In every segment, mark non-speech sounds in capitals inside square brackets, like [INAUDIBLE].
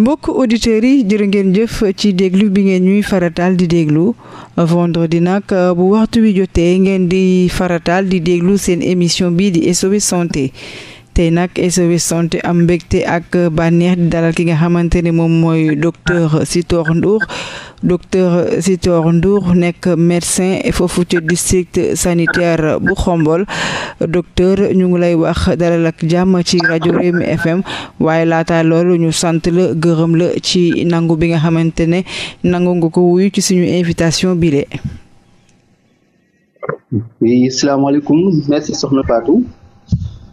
mbokk auditeurs yi jërë ngeen jëf ci déglu bi ngeen ñuy farataal di déglu vendredi nag euh, bu waxtu wi jotee ngeen di faratal di déglu seen émission bii di SOS santé tey nag SOS santé am mbégte ak bànneex di ki nga xamante ne moom mooy docteur Sitor Ndour docteur nekk médecin foofu ci district sanitaire bu Xombol docteur ñu ngi lay wax dalal ak jàmm ci rajo Rewmi FM waaye laata loolu ñu sant la gërëm la ci nangu bi nga xamante ne nangu nga ko wuyu ci suñu invitation bi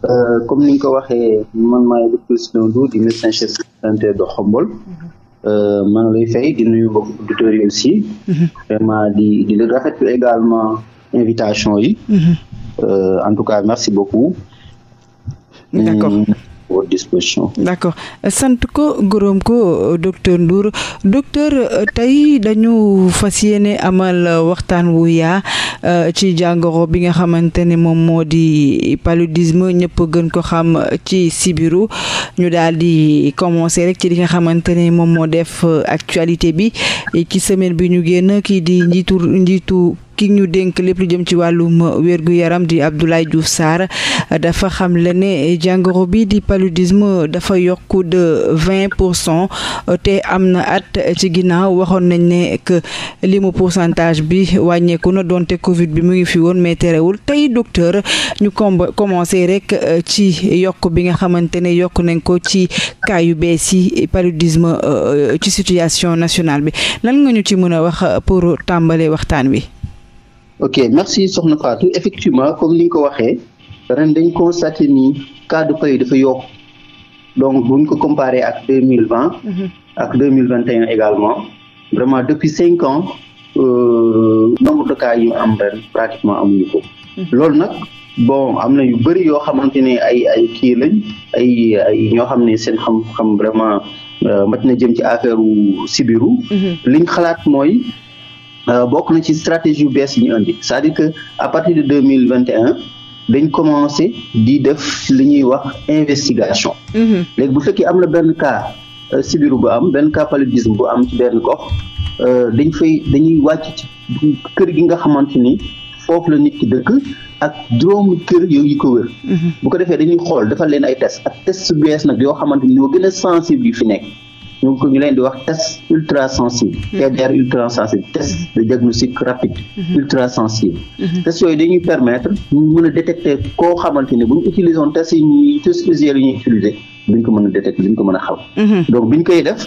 Euh, comme ni nga ko waxee man maay docteur Sidou Ndou di médecin santé de Khombole mhm. euh, maa ngi lay fay di nuyu mbokk auditeurs yi aussi mhm. di di leen rafetlu également invitation yi mhm. euh, en tout cas merci beaucoup votre disposition. d'accord sant ko gërëm ko docteur Ndour docteur tey dañu fas yéene amal waxtaan wu yaa euh, ci jàngoro bi nga xamante ne moom moo di paludisme ñëpp gën ko xam ci sibiru ñu daal di commencer rek ci li nga xamante ne moom moo def actualité bi ci semaine bi ñu génn kii di njiitu njiitu. ki ñu dénk lépp lu jëm ci wàllum wér-gu-yaram di Abdoulaye Diouf Sarr dafa xam la ne jàngoro bi di paludisme dafa yokku de vingt pour cent te am na at ci ginnaaw waxoon nañ ne que pour pourcentage bi wàññeeku na doonte Covid bi mu ngi fi woon mais terewul tey docteur ñu comb commencé rek ci yokk bi nga xamante ne yokk nañ ko ci cas yu bees yi paludisme euh, ci situation nationale bi lan nga ñu ci mën a wax pour tàmbale waxtaan wi ok merci soxna Fatou effectivement comme ni nga ko waxee ren dañ constaté ni cas de paie dafa yokk donc buñ ko comparé ak deux mille vingt. Mhm. ak deux mille vingt et un également vraiment depuis cinq ans euh, nombre de cas am ren pratiquement amuñu ko. Mhm. loolu nag bon am na yu bëri yoo xamante ne ay ay kii lañ ay ay ñoo xam ne seen xam-xam vraiment euh, mat na jëm ci affaire u sibiru. Mhm. liñ xalaat mooy. Euh, bokk na ci stratégie yu bees yi ñu indi cest dire que à partir de deux mille vingt et un dañ commencé di def li ñuy wax investigation. Mhm. léegi bu fekkee am na benn cas euh, sibiru bu am benn cas paludisme bu am ci benn gox euh, dañ fay dañuy wàcc ci kër gi nga xamante ni foofu la nit ki dëkk ak juróomi kër yooyu ko wër. Mhm. bu ko defee dañuy xool defal leen ay test ak test bees nag yoo xamante ni ñoo gën a sensible yi fi nekk. donc ñu leen di wax test ultra sensible mm-hmm. TDR ultra test de diagnostic rapide mm-hmm. ultra mm-hmm. test yooyu dañuy permettre ñu mën a détecter koo xamante ne bu ñu utiliser woon test yi ñuy test usuels yi ñuy utiliser ko mën a détecter duñ ko mën a xam donc biñ koy def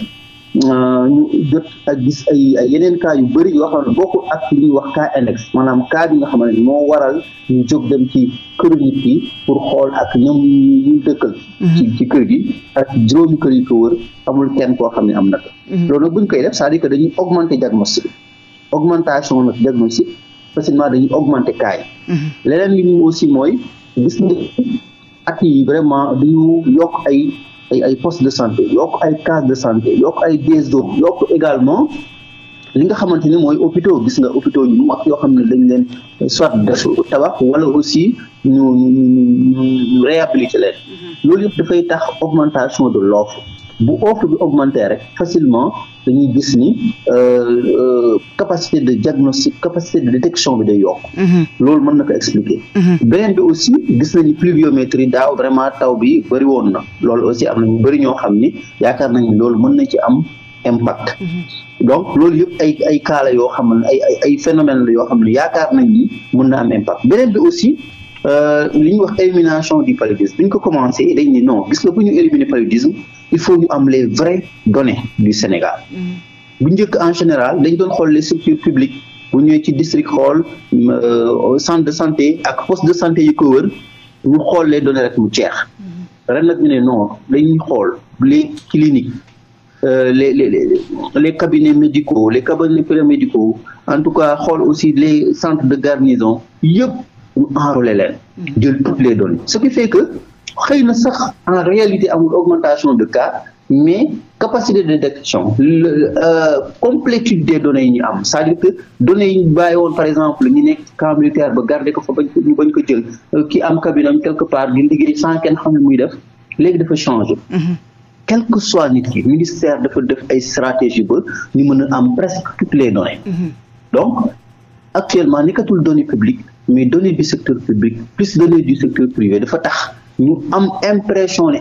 Euh, ñu jot ak gis ay ay yeneen cas yu bëri yoo xam ne ak li ñuy wax cas annexe maanaam cas bi nga xam ne moo waral ñu jóg dem ci kër nit ki pour xool ak ñoom ñu dëkkal. Mhm. ci kër gi ak juróomi kër yi ko amul kenn koo xam ne am na ko. Mhm. loolu nag bu ñu koy def c'est-à-dire que dañuy augmenter diagnostic augmentation nag diagnostic facilement dañuy augmenter cas mhm. leneen li ñu aussi mooy gis nga at yi vraiment dañu yokk ay. ay ay poste de santé yokk ay case de santé yokk ay désor yokk également li nga xamante ni mooy hôpitaux gis nga hôpitaux yu mag yoo xam ne dañ leen euh, soit des tabax walla aussi ñu ñu ñu réhabiliter leen mm-hmm. loolu yëpp dafay tax augmentation de l'offre bu offre bi augmenter rek facilement dañuy gis ni euh, euh, capacité de diagnostic capacité de détection bi day yokk. Mhm. loolu mën na ko expliquer. Mhm. beneen bi aussi gis nañu pluviométrie daaw vraiment taw bi bëri woon na loolu aussi am na ñu bëri ñoo xam ni yaakaar nañu loolu mën na ci am impact. Mhm. donc loolu yëpp ay ay yoo xam ne ay ay phénomène la yoo xam ne yaakaar nañ ni mën na am impact beneen bi aussi. Euh, li ñuy wax élimination du paludisme bu ñu ko commencé dañ ni non gis il faut ñu am les vraies données du Sénégal. Mm-hmm. bu njëkk en général dañ doon xool les structures publiques bu ñëwee ci district xool euh, centre de santé ak poste de santé yu ko wër ñu xool les données rek mu jeex. Mm-hmm. ren nag ñu ne non dañuy xool les cliniques. Euh, les les les cabinets médicaux les cabinets paramédicaux en tout cas xool aussi les centres de garnison yëpp ñu enrôler leen. Mm-hmm. jël toutes les données ce qui fait que xëy na sax en réalité amul augmentation de cas mais capacité de détection le euh, complétude de données yi ñu am c'est-à-dire que données ñu bàyyi woon par exemple ñu nekk camp militaire ba garder ko fa bañ ko ñu bañ ko jël euh, ki am cabinam quelque part di liggéey sans kenn xam ne muy def léegi dafa changer. Mhm. quel que soit nit ki ministère dafa def ay stratégie ba ñu mën a am presque toutes les données. Mhm. donc actuellement nekkatul données publiques mais données du secteur ñu am impression ne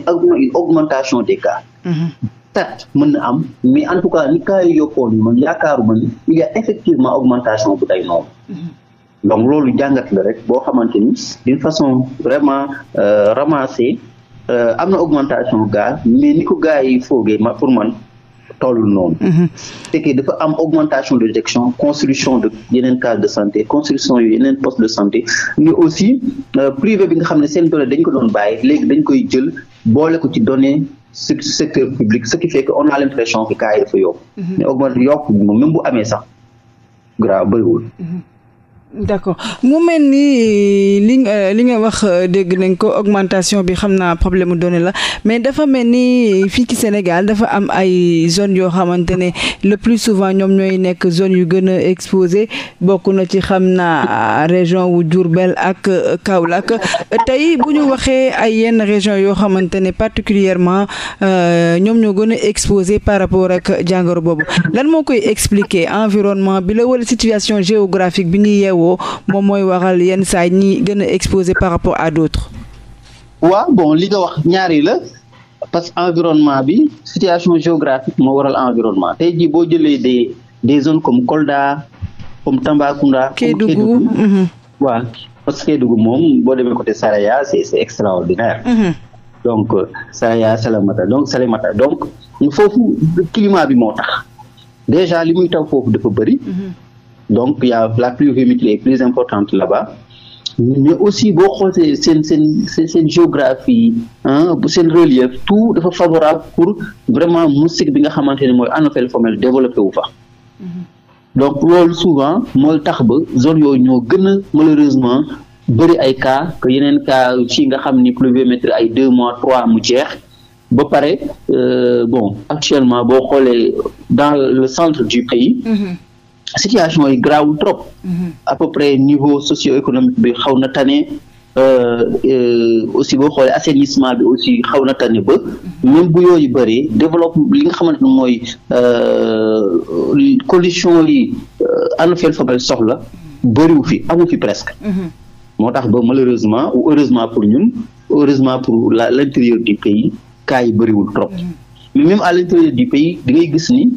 augmentation des cas. Mm-hmm. certes mën na am mais en tout cas ni cas yu yokkoon yi man yaakaaruma ni il y effectivement augmentation bu day noonu. Mm-hmm. donc loolu jàngat la rek boo xamante ni d'une façon vraiment euh, ramassée euh, am na augmentation gaz mais ni ko gars yi foogee pour man. toll noonu. Mhm. c'est que dafa am augmentation de détection construction de yeneen case de santé construction yeneen poste de santé mais aussi euh, privé bi nga xam ne seen doole dañ ko doon bàyyi léegi dañ koy jël boole ko ci données. su secteur public ce qui fait que on a l'impression que cas yi dafa yokk mhm. mais augmente yokk même amee sax grave bëriwul mhm. d'accord mu mel ni euh, li nga li nga wax euh, dégg nañ ko augmentation bi xam naa problème mu donné la mais dafa mel ni fii ci Sénégal dafa am ay zones yoo xamante ne le plus souvent ñoom ñooy nekk zone yu gën a exposé bokk na ci xam naa euh, région wu Diourbel ak Kaolack tey bu ñu waxee ay yenn région yoo xamante ne particulièrement ñoom ñoo gën a exposé par rapport ak jàngoro boobu lan moo koy expliquer environnement bi la wala situation géographique bi ñuy yeewu o moom mooy waral yenn saa yi ñi gën a exposé par rapport à d'autres waaw bon li nga wax ñaari la parce que environnement bi situation géographique moo waral environnement tey jii boo jëlee de des zones comme Kolda comme Tambacounda. Kédougou mhm. comme Kédougou. moom boo demee côté Saraya c'est c'est extraordinaire. Mm -hmm. donc euh, Saraya donc Salemata donc foofu climat bi moo tax déjà li muy taw foofu dafa bëri. Mhm. donc il la pluviométrie est plus importante là-bas aussi boo xoolee seen seen seen géographie ah seen relief tout dafa favorable pour vraiment moustique bi nga xamante ne mooy anophèle femelle développé wu fa. Mm-hmm. donc souvent mooy tax ba zone yooyu ñoo gën a malheureusement bëri ay cas que yeneen cas ci nga xam ni pluviométrie ay deux mois trois mu jeex ba pare euh, bon actuellement boo xoolee dans le centre du pays. Mm-hmm. situation yi grawul trop. Mhm. à peu près niveau socio-économique bi xaw na tane. Euh, euh, aussi boo xoolee assainissement bi aussi xaw na tane ba mhm. même bu yooyu bëree développe li nga xamante ne mooy euh, condition yi ANAFEL Fabel soxla mhm. bëriwu fi amu fi presque moo tax ba malheureusement ou heureusement pour ñun heureusement pour la l'intérieur du pays cas yi trop mais même l'intérieur du pays di gis ni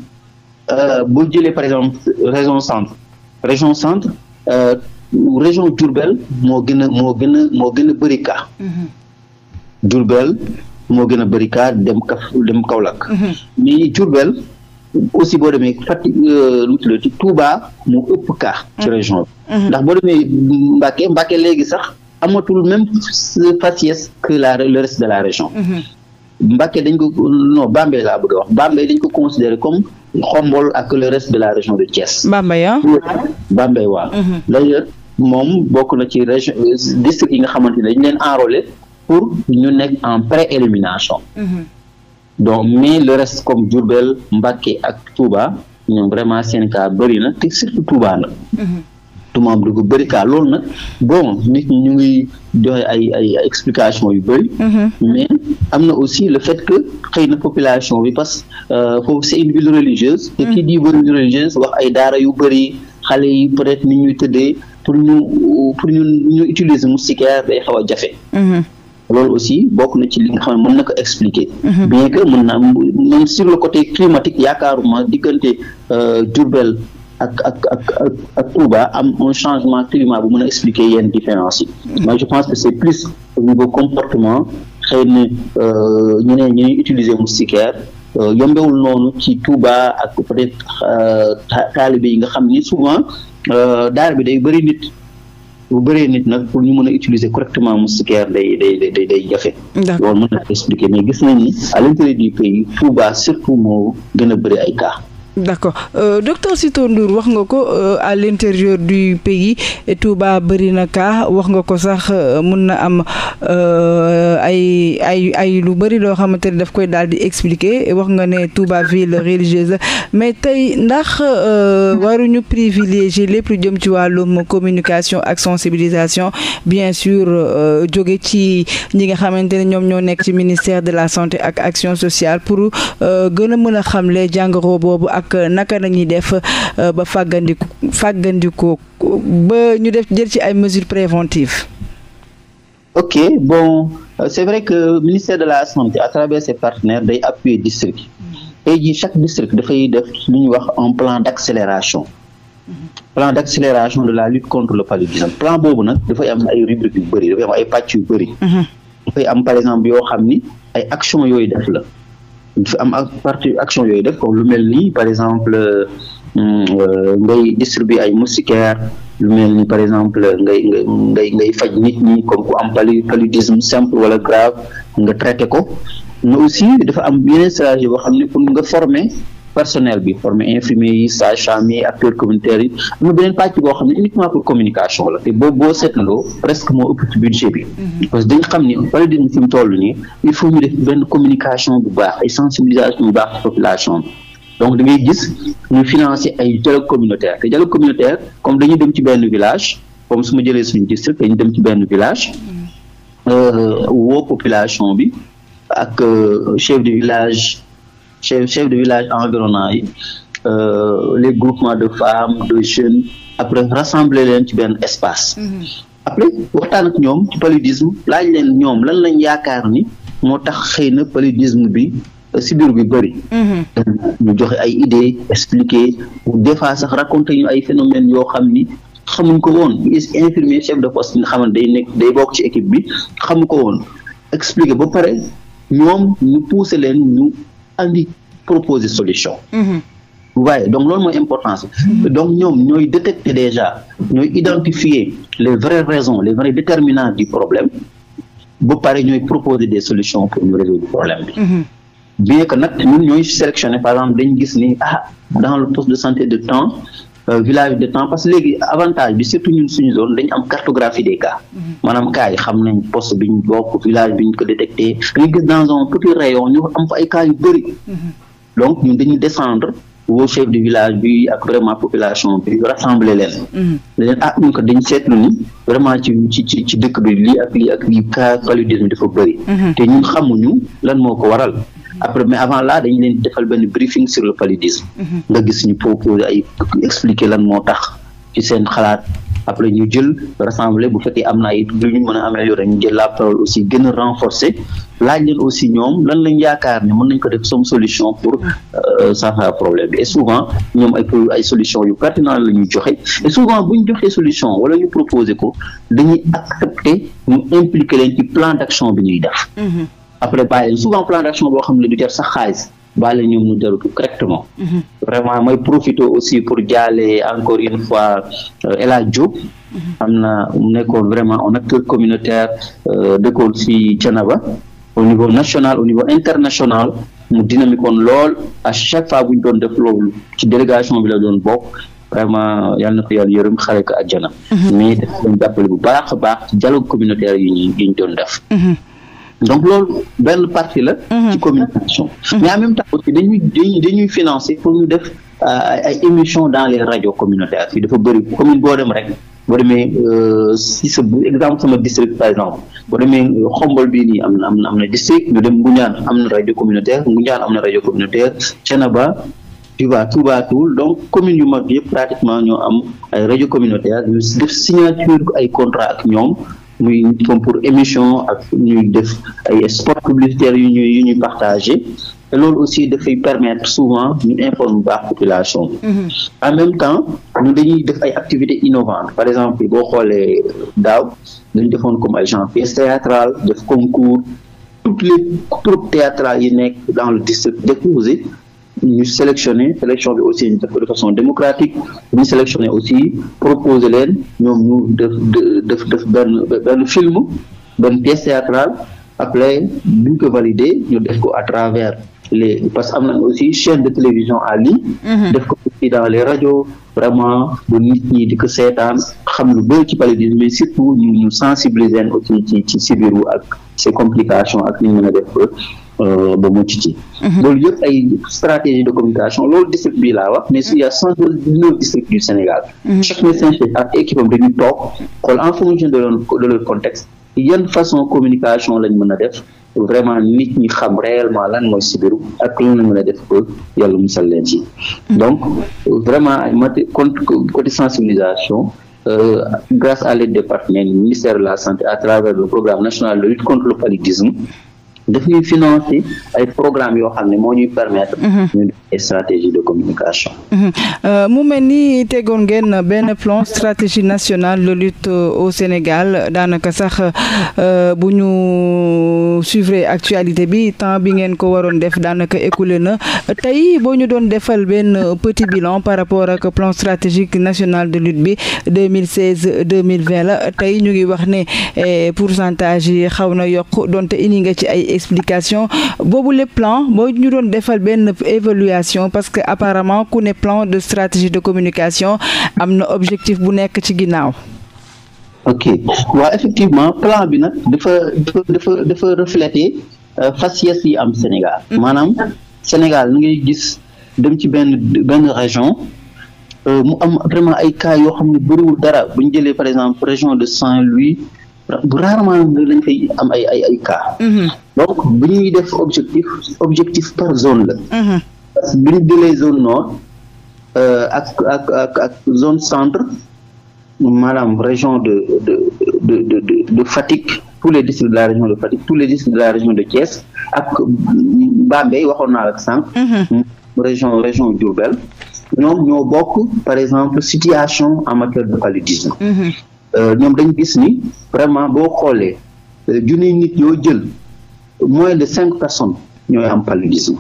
Euh, boo jëlee par exemple euh, région centre région centre euh, région Diourbel moo gën a moo gën a moo gën a bëri cas. Mm-hmm. moo gën a bërika dem kaf dem Kaolack. Mm-hmm. mais Diourbel aussi boo demee Fatick lu tuddati Touba moo ëpp cas. ci mm-hmm. région ndax boo demee Mbacké Mbacké léegi sax amatul même faciès que la le reste de la région. Mbacké dañ ko non Bambey laa bëgg wax Bambey dañ ko considéré comme Xombol ak le reste de la région de Thiès. Bambey ah. Bambey waaw. Mhm. d'ailleurs moom bokk na ci région district yi nga xamante ne dañ leen enrôler pour ñu nekk en pré-élimination. Mhm. donc mais le reste comme Diourbel Mbacké ak Touba ñoom vraiment seen cas bëri na te surtout Touba tumaam dugg bëri kaa loolu nag bon nit ñi ñu ngi joxe ay explication yu bëri. Mm-hmm. mais am na aussi le fait que xëy na population bi parce que euh, foofu c'est une ville religieuse. te kii di ville religieuse wax ay daara yu bëri xale yi peut-être ni ñuy pour ñu utiliser moustiquaire day xaw a jafe. Mm-hmm. loolu aussi bokk na ci li nga xam ne mën na ko expliquer. Mm-hmm. bien que mën na même sur le côté climatique yaakaaruma diggante euh, Diourbel. ak ak ak ak ak am un changement climat bu mën a expliquer yenn différence yi mais je pense que c'est plus au niveau comportement xëy na ñu ne ñu utiliser moustiquaire euh, yombewul noonu ci Touba ak peut-être euh, taalibe yi nga xam ni souvent euh, daara bi day bëri nit bu bëree nit nag pour ñu mën a utiliser correctement moustiquaire day day day day jafe. loolu mën na expliquer mais gis nañ ni à l'intérieur du pays Touba surtout moo gën a bëri ay cas. d'accord euh, docteur Sitor Ndour wax nga ko euh, à l'intérieur du pays Touba bëri na kaa wax nga ko sax euh, mun na am ay ay ay lu bëri loo xamante ni daf koy daal di expliquer wax nga ne Touba ville religieuse mais tey ndax waruñu privilégier lépp lu jëm ci wàllum communication ak sensibilisation bien sûr jóge ci ñi nga xamante ne ñoom ñoo nekk ci ministère de la santé ak action sociale pour gën a mën a xamle jàngoro boobu ak euh, naka nañuy def euh, ba fàggandiku fàggandikoo ba ñu def jël ci ay mesures préventives ok bon euh, c'est vrai que ministère de la santé à travers ses partenaires day appuyer district tey jii chaque district dafay def lu ñuy wax un plan d'accélération plan d'accélération de la lutte contre le paludisme plan boobu nag dafay am ay rubriques yu bëri dafay am ay pàcc yu bëri mhm. dafay am par exemple yoo xam ni ay action yooyu def la dafa am ak parti action yooyu def comme lu mel nii par exemple euh, euh, ngay distribuer ay moustiquaires lu mel ni par exemple ngay ngay ngay faj nit ñi comme ku am paludisme simple wala grave nga traité ko mais aussi dafa am yeneen stratégie boo xam ne pour nga former. personnel bi former infirmier yi sage-femme yi acteurs communautaires yi am beneen pàcc boo xam ne uniquement pour communication la te boo boo seetloo presque moo ëpp ci budget bi mhm. parce que dañ xam ni wala dinañ fi mu toll nii il faut ñu def benn communication bu baax ay sensibilisation bu baax ci population bi donc da ngay gis ñu financer ay dialogue communautaire te communautaire comme dañuy dem ci benn village comme su ma jëlee suñu district dañuy dem ci benn village mhm. euh, woo population bi ak euh, chef de village chef chef de village environnant yi euh, les groupements de femmes de jeunes après rassembler leen ci benn espace. Mm-hmm. après waxtaan ak ñoom ci paludisme laaj leen ñoom lan lañ yaakaar ni moo tax xëy na paludisme bi sibiru bi bëri. Mm-hmm. ñu joxe ay idées expliquer ou des fois sax raconter ñu ay phénomènes yoo xam ni xamuñ ko woon infirmier chef de poste bi nga day nekk day bokk ci équipe bi xamu ko woon expliquer ba pare ñoom ñu pousser leen ñu. andi proposer solution. waaye mhm. donc loolu mooy importance mhm. donc ñoom ñooy détecter déjà ñooy identifier les vraies raisons les vrais déterminants du problème ba pare ñooy proposer des solutions pour ñu résoudre problème bi. Mhm. bien que nag ñun ñooy sélectionner par exemple ah, dans le poste de santé de temps Euh, village de temps parce que léegi avantage bi surtout ñun suñu zone dañu am cartographie des cas mhm. maanaam cas xam nañ poste bi ñu bokk village bi ñu ko détecté dañu gis dans en petit rayon ñu am fa ay cas yu bëri mhm. donc ñun dañu descendre woo chef du village bi ak vraiment population bi rassembler leen mhm. leen ah ñu ko dañ seetlu ni vraiment ci ci ci dëkk bi lii ak lii ak lii cas paludisme dafa bëri te ñun xamuñu lan moo ko waral après mais avant là dañu leen defal benn briefing sur le paludisme. Mhm. nga gis ñu proposer ay expliquer lan moo tax ci seen xalaat après ñu jël rassembler bu fekkee am na ay lu ñu mën a ñu jël la parole aussi gën a renforcer laaj leen aussi ñoom lan lañ yaakaar ne mën nañ ko def somme solution pour euh, saafara problème bi et souvent ñoom ay ay solution yu pertinent la ñuy joxe souvent bu ñu joxee solution wala ñu proposer ko dañuy accepter ñu impliquer leen ci plan d'action bi ñuy def. Mhm. après bàyyi souvent plan d'action boo xam ne du jar sax xaalis bàyyi ñoom ñu dara correctement. Mhm. vraiment mooy profité aussi pour jaale encore une fois euh, El Hadj Diop. Mhm. am na mu nekkoon vraiment un acteur communautaire euh, dëkkoon si Thiénaba au niveau national au niveau international. mu dynamique woon lool à chaque fois bu ñu doon def loolu ci délégation bi doon bokk vraiment yal na ko yàlla yërëm xale ko àjjana mhm. mais daf doon bu baax a baax ci dialogue communautaire yi ñu yi ñu donc loolu benn partie la. Mhm. ci communication. Mhm. mais en même temps aussi dañuy dañuy dañuy financer pour def euh, ay émission dans les radios communautaires yi dafa bëri commune boo dem rek. boo demee euh, si sa exemple sama district par exemple boo demee xombol euh, bii nii am na am na am na district ñu dem Ngoundiane am na rajo communautaire Ngoundiane am na rajo communautaire Thiénaba Touba Touba Toul donc commune yu mag yëpp pratiquement ñoo am ay rajo communautaire ñu def signature ay contrat ak ñoom muy concours émission ak ñuy def ay spot publicitaire yu ñuy yu ñuy partagé te loolu aussi dafay permettre souvent ñu informe baax population mhm. en même temps ñu dañuy def ay activité innovantes par exemple yi boo xoolee euh, daaw dañu defoon comme ay genre pièce théâtrale def concours tout les troupes théâtrales yi nekk dans le district déposé ñu sélectionné sélection bi aussi ñu de façon démocratique ñu sélectionné aussi proposé leen ñoom ñu def def def benn benn film benn pièce théâtrale après buñ ko validé ñu def ko à travers les parce que am na aussi chaîne de télévision à li mm-hmm. def ko aussi dans les radios vraiment bu nit ñi di ko seetaan xam nu bëri ci paludisme mais surtout ñu ñu sensibiliser aussi ci ci sibiru ak ses complications ak ni ñu mën a def Euh, ba mucc ci. ci loolu yëpp ay stratégie de communication loolu district bi laa wax mais il y a cent dix-neuf districts du Sénégal. Mhm. chaque médecin ak équipe am dañuy toog xool en fonction de leur contexte yan façon communication lañ mën a def. vraiment nit ñi xam réellement lan mooy sibiru ak lan la mën a def ko yàlla musal leen ci mhm. donc vraiment mati côté sensibilisation euh, grâce à l'aide des partenaires ministère de la santé à travers le programme national de lutte contre daf ñuy financer ay programmes yoo xam ne moo ñuy permettre. Mhm. ñu def mhm. euh, mu mel ni tegoon ngeen benn plan stratégie nationale de lutte au Sénégal daanaka sax euh, bu ñu suivre actualité bi temps bi ngeen ko waroon def daanaka écoulé na tey boo ñu doon defal benn petit bilan par rapport ak plan stratégique national de lutte bi 2016 2020 la tey ñu ngi wax ne eh, pour yi xaw na yokk donte indi nga ci ay. explication boobu le plan boo ñu doon defal benn évaluation parce que apparemment ku ne plan de stratégie de communication am na objectif bu nekk ci ginnaaw. ok waa effectivement plan bi nag dafa dafa dafa refléter euh, faciès yi am Sénégal. Mm-hmm. maanaam Sénégal ni ngi gis dem ci benn benn région. Euh, mu am vraiment ay cas yoo xam ne bëriwul dara bu ñu jëlee par exemple région de Saint-Louis. bu rarement lañ fay am ay ay ay cas. Mm-hmm. donc bu def objectif objectif par zone la. Mm-hmm. parce que bu ñu zone nord euh, ak ak ak ak zone centre maanaam région de de de de tous les districts de la région de Fatick tous les districts de la région de Thiès ak Bambey waxoon naa la mm-hmm. région région Diourbel ñoom ñoo bokk par exemple situation en matière de paludisme. Euh, ñoom dañ gis ni vraiment boo xoolee euh, junniy nit ñoo jël moins de cinq personnes ñooy am paludisme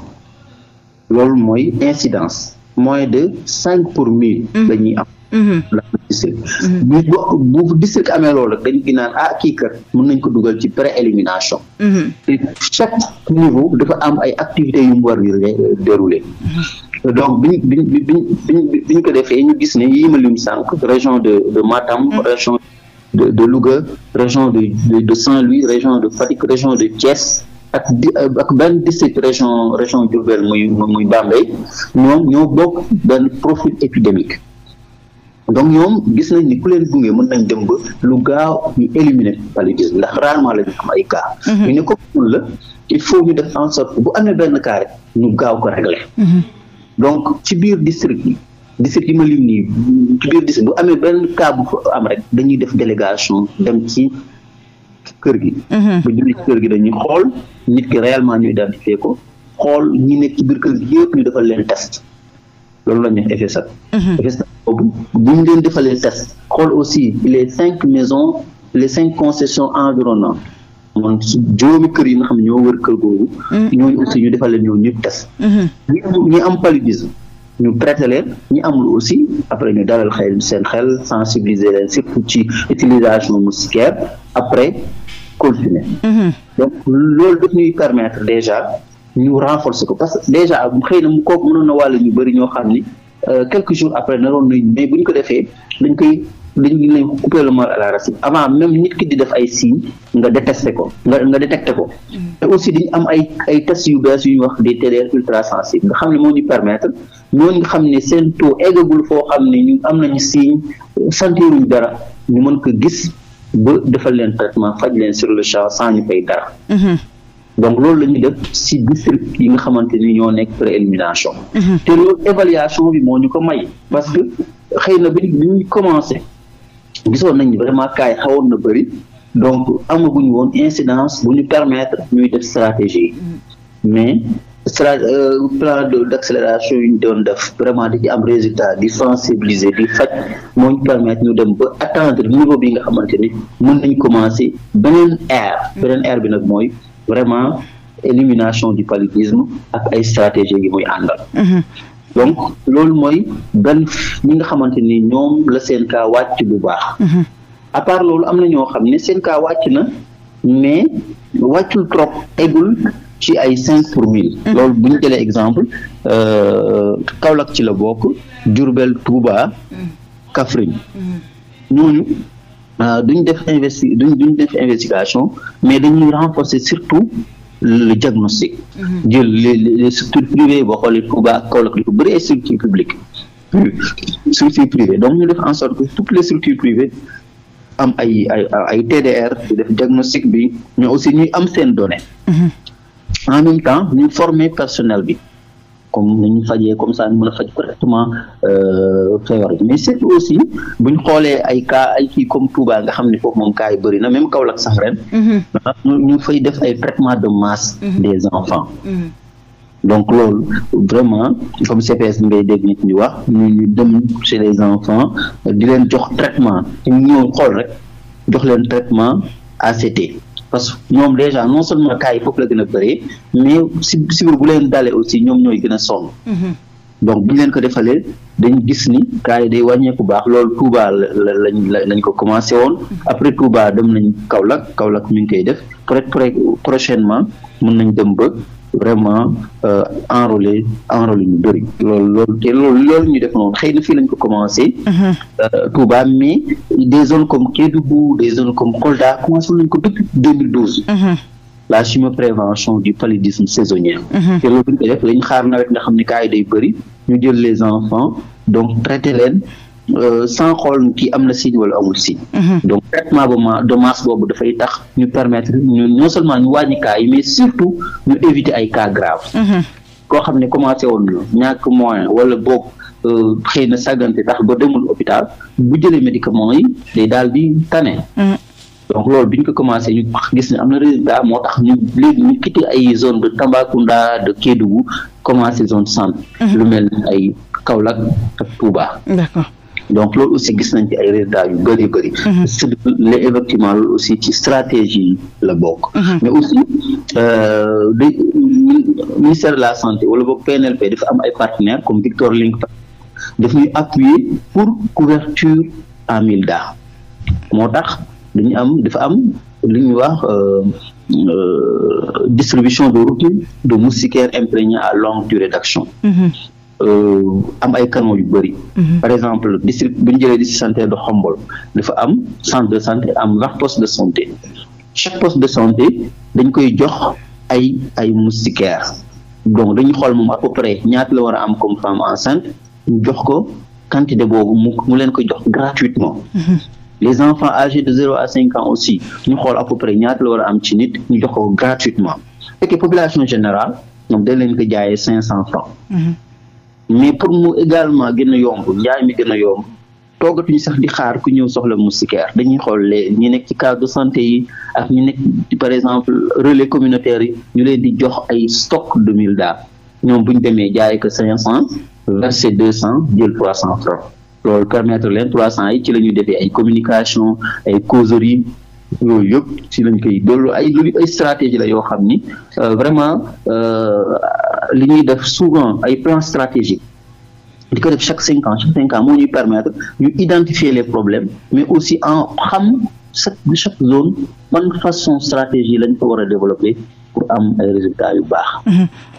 loolu mooy incidence moins de cinq pour mille mm. la am Mm-hmm. Mm-hmm. bu bu district amee loolu dañ dañu naan ah kii kër mën nañ ko dugal ci pré élimination. Mm-hmm. chaque niveau dafa am ay activités yu mu war a dérouler. donc bi ñu bi ñu bi ko defee ñu gis ne yii ma lim sànq région de de Matam. région de de Louga région de de Saint-Louis région de Fatick région de Thiès. ak di ak benn district région région Diourbel muy muy Bambey ñoom ñoo bokk benn profil épidémique. donc ñoom gis nañ ni ku leen gunge mën nañ dem ba lu gaaw ñu éliminer paludisme ndax rarement la ñu am ay cas. Mhm. ñu ne ko mun la ñu def en sorte bu amee benn cas ñu gaaw ko régler. Mhm. donc ci biir district yi district yi ma lim nii ci biir district bu amee benn cas bu am rek dañuy def délégation dem ci kër gi. Mhm. bu jëlee kër gi dañuy xool nit ki réellement ñu identifier ko xool ñi nekk ci biir kër gi yëpp ñu defal leen test loolu la ñuy def boobu bu ñu leen defalee test xool aussi les cinq maisons les cinq concessions environnantes moom juróomi kër yi nga xam ne ñoo wër kër googu. Mm. ñooñu aussi ñu defalee ñoo ñëpp test. Mm-hmm. ñi am ñi am paludisme ñu traité leen ñu amul aussi après ñu dalal xel seen xel sensibiliser leen surtout ci utilisation moustiquaire après confiner. Mm-hmm. loolu daf ñuy permettre déjà ñu renforcer ko parce que déjà xëy na mu kooku mënoon na wàll ñu bëri ñoo xam ni. Euh, quelques jours après naroon nañ mais bu ñu ko defee dañ koy dañ lañ ko couper le mal à la racine avant même nit ki di def ay signes nga détesté ko nga nga détecté ko mm. te aussi dañu am ay ay tests yu bees yu ñuy wax des TDR ultra sensibles nga xam ne moo ñu permetre ñooñu xam ne seen taux eggagul foo xam ne ñu am nañu signe sentiruñ dara ñu mën ko gis ba defal leen traitement faj leen sur le champ sans ñu fay dara mm-hmm. donc loolu la ñuy def si district yi nga xamante ni ñoo nekk préélimination mhm. te loolu évaluation bi moo ñu ko may parce que xëy na bi ñu commencé gisoon nañ vraiment kaay xawoon na bëri donc amaguñu woon incidence bu ñu permettre ñuy def stratégie mhm. mais stra euh, plan d' accélération yu ñu doon def vraiment di ci am résultat di sensibiliser di faj moo ñu permettre ñu dem ba atteindre niveau bi nga xamante ni mën nañ commencé beneen air mhm. beneen air bi nag mooy vraiment élimination du paludisme ak ay stratégie yi muy àndal. Mhm. donc loolu mooy benn ñi nga xamante ni ñoom la seen ka wàcc bu baax. Mhm. à part loolu am na ñoo xam ne seen kaa wàcc na mais wàccul trop eggul ci ay cinq pour mille. Mhm. lool buñ ñu jëlee exemple euh, Kaolack ci la bokk Diourbel Touba Kaffrine ñooñu. Euh, duñ def investi duñ duñ def investigation mais dañuy renforcer surtout le diagnostic. Mm-hmm. jël les les structures privées boo xoolee Touba ak Kaolack li ko bëri ay structures donc ñu def en sorte que toutes les structures privées am ay ay ay TDR di def diagnostic bi mais aussi ñuy am seen données. Mm-hmm. en même temps ñu former personnel bi. comme ni ñu fajee comme ça ñu mën a faj correctement euh, feebar bi mais surtout aussi bu ñu xoolee ay cas ay kii comme Touba nga xam ne foofu moom cas yi bëri na même Kaolack sax ren. Mm-hmm. Ah, ñu fay def ay traitement de masse. Mm-hmm. des enfants. Mm-hmm. donc loolu vraiment comme CPS bi ngay nit ñi wax ñu ñu dem chez les enfants di leen jox traitement ñu ñëw xool rek jox leen traitement ACT. parce que ñoom déjà non seulement cas yi foofu la gën a bëree mais si si bu leen dalee aussi ñoom ñooy gën a sonn. Mm-hmm. donc bu ñu leen ko defalee dañu gis ni cas day wàññeeku baax loolu Touba lañ lañ ko commencé woon. Mm-hmm. après Touba dem nañ Kaolack Kaolack mi koy def peut-être prochainement mën nañ dem ba vraiment enrôler euh, enrôler ñu bëri loolu loolu te loolu loolu ñu def noonu xëy na fii lañ ko commencé. Mhm. Euh, Touba mais des zones comme Kédougou des zones comme Kolda commencé nañ ko depuis mhm. la chimio-prévention du paludisme saisonnier. Mhm. te loolu ñu ko def lañ xaar nawet nga xam ne cas yi day ñu jël les enfants donc traité leen. Euh, sans xool kii am na sida wala amul sida. Mhm. donc traitement ba ma de masse boobu dafay tax ñu permettre ñu non seulement ñu wàññi cas yi mais surtout ñu éviter ay cas grave mhm. koo xam ne commencé woon na ñàkk moyen wala boog euh, xëy na sàggante tax ba demul hôpital bu jëlee médicament yi day daal di tane. Mhm. donc loolu bi ñu ko commencé ñu gis ne am na résultat moo tax ñu léegi ay zone de Tambacounda de Kédougou commencé zone centre. lu mel ni ay Kaolack ak Touba. donc loolu aussi gis nañ ci ay résultats yu bëri bëri. Mhm. c'est les aussi ci stratégie la bokk. Mhm. mais aussi di euh, ministère de la santé wala boog PNLP dafa am ay partenaires comme Victor Link daf ñuy appuyer pour couverture en MILDA moo tax dañu am dafa am li ñuy wax. Euh, euh, distribution de routine de moustiquaires imprégnés à longue durée d'action. Mhm. Euh, am ay canaux yu bëri. Mhm. par exemple district bu ñu jëlee district santé de Xombol dafa am centre de santé am vingt postes de santé chaque poste de santé dañ koy jox ay ay moustiquaires donc dañu xool moom à peu ñaat la war am comme femme enceinte ñu jox ko quantité boobu mu mu leen koy jox gratuitement. e enfants âgés de zéro à cinq ans ñu xool à ñaata la war am ci nit ñu jox ko gratuitement fekk population général moom dañ leen ko jaayee cinq cent francs. Mhm. mais pour mu également gën a yomb njaay mi gën yomb toogatuñu sax di xaar ku ñëw soxla moustiquaire dañuy xool les ñi nekk ci case de santé yi ak ñi nekk par exemple relais communautaire yi ñu leen di jox ay stock de milda ñoom bu ñu demee jaay ko cinq cent verser deux cent jël trois cent francs loolu permettre leen trois cent yi ci la ñuy defee ay communication ay causerie yooyu yëpp si lañ koy dollu ay loolu ay stratégie la yoo xam ni euh, vraiment euh, li ñuy def souvent ay plan stratégique di ko def chaque cinq ans chaque cinq ans moo ñuy permettre ñu identifier les problèmes mais aussi en xam chaque chaque zone ban façon stratégie lañ ko war a développer pour am ay résultats yu baax mmh,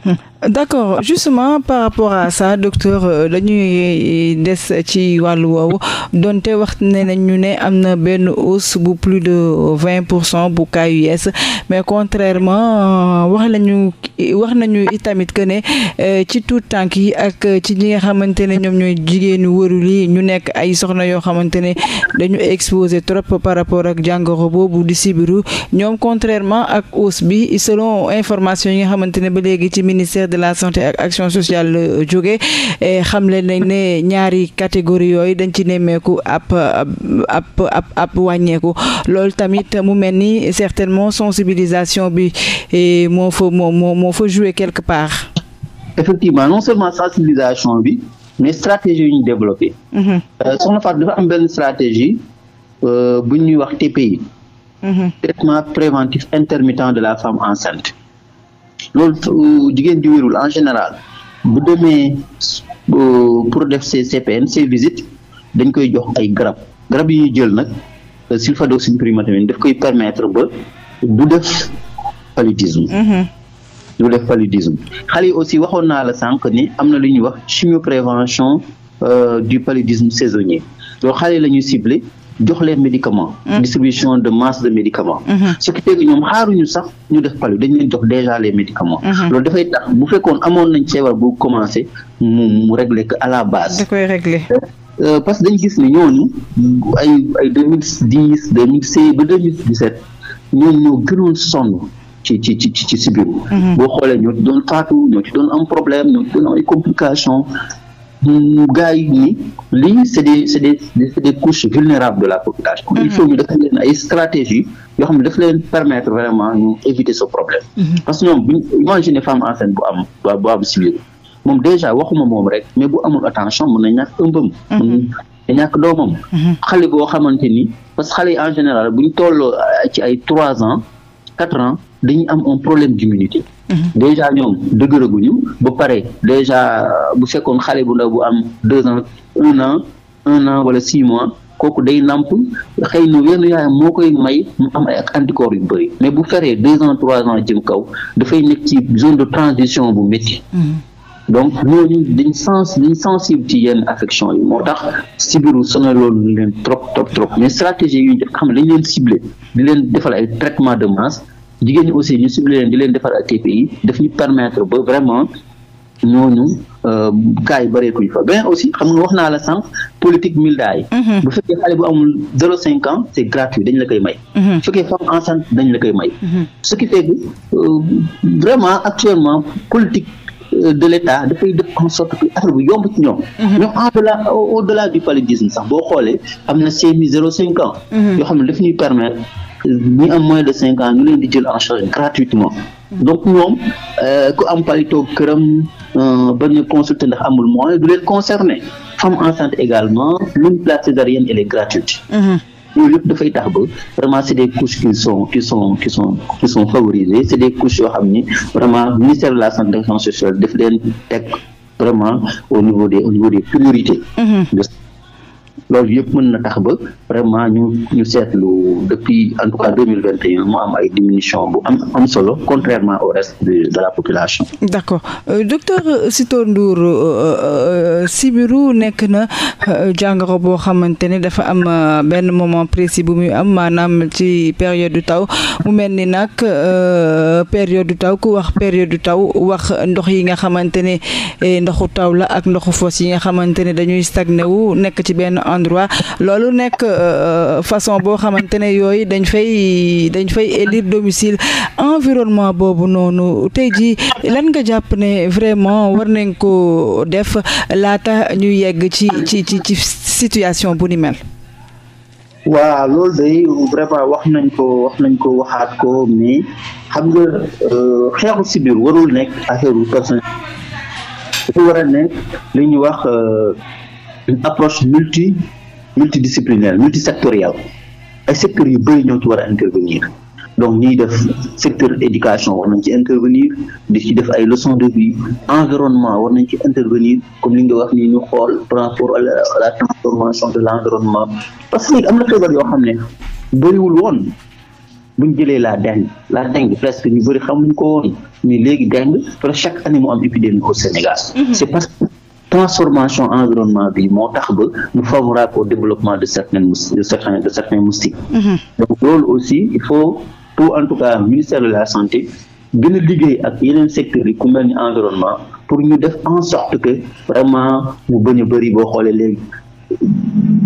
mmh. d'accord justement par rapport a ça docteur euh, dañuy euh, des ci wàllu woowu donte wax ne nañu ne am na benn hausse bu plus de vingt pour cent bu cas mais contrairement euh, wax lañu wax nañu itamit que ne ci tout tànk yi ak ci ñi nga xamante ne ñoom ñooy jigéenu warul yi ñu nekk ay soxna yoo xamante ne dañu exposé trop par rapport ak jàngoro boobu di sibiru ñoom contrairement ak hausse bi selon information yi nga xamante ne ba léegi ci ministère ministère de la santé ak action sociale la euh, jóge eh, xamle nañ ne ñaari catégorie yooyu dañ ci nemmeeku ab ab ab ab wàññeeku loolu tamit mu mel ni certainement sensibilisation bi eh, moo fa moo moo moo fa jouer quelque part. effectivement non seulement sensibilisation bi mais stratégie yu ñu développé. Mhm. Euh, soxna Fatou dafa am benn stratégie euh, bu ñuy wax TPI. Mhm. traitement préventif intermittent de la femme enceinte. loolu jigéen ju wérul en général bu demee pour def ses CPN ses visites dañ koy jox ay garab garab yi ñuy jël nag sulfadoxine pyriméthamine daf koy permettre ba du def paludisme. Mhm. du def paludisme xale yi aussi waxoon naa la sànq ni am na lu ñuy wax chimio prévention euh, du palidisme saisonnier loolu xale la ñuy ciblé. jox leen médicaments. Mm-hmm. distribution de masse de médicaments. Mm-hmm. ce qui fait que ñoom xaaruñu sax ñu def palu dañu leen jox déjà les médicaments. Mm-hmm. loolu dafay tax bu fekkoon amoon nañ feebar bu commencé mu mu régler que à la base. da koy régler. Euh, parce que dañu gis ne ñooñu ay ay deux mille dix deux mille seize ba deux mille dix sept ñoom gënoon sonn. ci ci ci ci ci biir. boo xoolee ñoo ci doon faatu ñoo ci doon am problème ñoo ci doon am ay complications gars yi nii li c'est des c'est des c'est des de la population. il faut ñu def leen ay stratégie yoo xam ne daf leen permettre vraiment ñu éviter ce problème. Mhm. parce que ñoom bu ñu imaginer femme enceinte bu am bu moom déjà waxuma moom rek mais bu amul attention mën na ñàkk ëmbam. Mhm. a ñàkk doomam. Mhm. xale boo xamante ni parce que xale yi en général bu ñu tolloo ci ay trois ans quatre ans dañuy am un problème d'immunité. déjà ñoom dëgëraguñu ba pare déjà bu fekkoon xale bu ndaw bu am deux ans un an un an wala six mois kooku day nàmp xëy na wenn yaayam moo koy may mu am ay anticorps yu bëri mais bu feree deux ans trois ans jëm kaw dafay nekk ci zone de transition bu métti mm-hmm. donc ñooñu dañ sens dañ sensible ci yenn affection yi moo tax sibiru sonaloon leen trop trop trop mais stratégie yu def xam ne lañ leen ciblé di leen defal ay traitement de masse jigéen ñu aussi ñu ciblé di leen defar ak TPI daf ñu permettre ba vraiment ñooñu euh, cas yi bëreekuñ fa beneen aussi xam nga wax naa la sànq politique milda yi mhm. bu fekkee xale bu amul zéro cinq ans c'est gratuit dañ la koy may bu mhm. fekkee femme enceinte dañ la koy may mhm. ce qui fait que euh, vraiment actuellement politique euh, de l'État dafay def en sorte que affaire bu yomb ci ñoom ñoom en delà au delà du sax boo xoolee am na CMI zéro cinq ans yoo xam ñi am moins de cinq ans ñu leen di jël en charge gratuitement donc ñoom euh, ku am palitoog këram euh, bañ a consulter ndax amul moyen du leen concerné femme enceinte également même place césarienne elle est gratuite loolu mhm. yëpp dafay tax ba vraiment c' des couches qui sont qui sont qui sont est des couches yoo xam ni vraiment ministère de la santé de l'action sociale daf leen teg vraiment au niveau de au niveau loolu yëpp mën na tax ba vraiment ñu ñu seetlu depuis en tout cas deux mu am ay diminution bu am solo contrairement au reste de, la population. d' accord euh, docteur Sitor Ndour euh, euh, euh sibiru nekk na euh, jàngaro boo xamante ne dafa am benn moment précis bu muy am maanaam ci période du taw mu mel ni nag période du taw ku wax période du taw wax ndox yi nga xamante ne eh, ndoxu taw la ak ndoxu fos yi nga xamante ne dañuy stagné wu nekk ci benn. en droit loolu nekk euh, euh, façon boo xamante ne yooyu dañ fay dañ fay élire domicile environnement boobu noonu tey jii lan nga jàpp ne vraiment war nañ ko def laata ñu yegg ci ci ci ci situation bu ni mel. loolu de vraiment wax nañ ko wax nañ ko waxaat ko mais xam nga euh, xeexu si warul nekk affaire bu personnel dafa nekk li wax. une approche multi multidisciplinaire multisectorielle ay secteurs yu bëri ñoo ci war a intervenir donc ñuy def secteur éducation war nañ ci intervenir di ci def ay leçons de vie environnement war nañ ci intervenir comme li nga wax ni ñu xool par rapport à la transformation de l' environnement parce que am na feebar yoo xam ne bëriwul woon bu ñu jëlee la dengue la dengue presque ñu bëri xamuñ ko woon mais léegi dengue presque chaque année mu am épidémie au Sénégal. Mhm. transformation environnement bi moo tax ba ñu favorable au développement de certaines de certains de certains moustiques. Mhm. donc loolu aussi il faut tout en tout cas ministère de la santé gën a liggéey ak yeneen secteurs yi ku mel ni environnement pour ñu def en sorte que vraiment mu bañ a bëri boo xoolee léegi.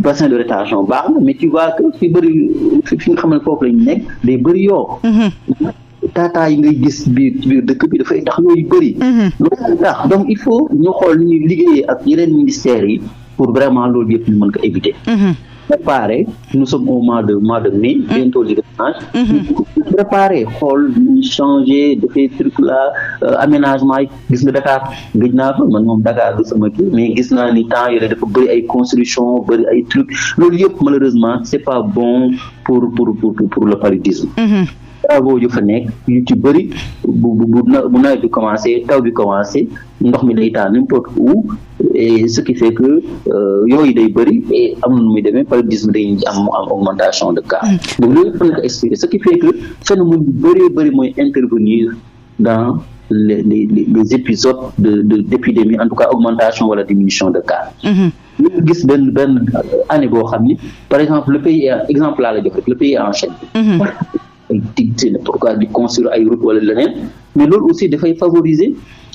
bassin de rétention baax mais tu vois que fi bëri fi nga xam ne foofu lañ nekk day bëri yoo mhm. mmh. taataa yi ngay gis biir biir dëkk bi dafay tax yooyu bëri. Mhm. loolu tax donc il ñu liggéeyee ak yeneen ministères yi pour vraiment loolu yëpp ñu ko éviter. Mhm. préparer nous sommes au mois de mois de mai mhm. bientôt l'hivernage préparer xool ñu changer dafay truc là euh, aménagement yi gis nga Dakar naa fa man moom Dakar du mais gis naa ni temps yële dafa bëri ay loolu yëpp malheureusement c'est pas bon pour pour pour pour le paludisme travaux yu fa nekk yu ci bu bu bu bi commencé taw bi commencé ndox mi day taa n'importe où et ce qui fait que euh, yooyu day bëri et am na nu muy demee paludisme day am am augmentation de cas. Mm. donc loolu yëpp ko expliqué ce qui fait que phénomène yu bëree bëri mooy intervenir dans les de de d'épidémie tout cas augmentation wala de cas. Mm-hmm. ñu gis benn benn boo xam ni par exemple pays exemple la jox rek ay diggante la pourquoi di construire ay route wala leneen mais loolu aussi dafay favoriser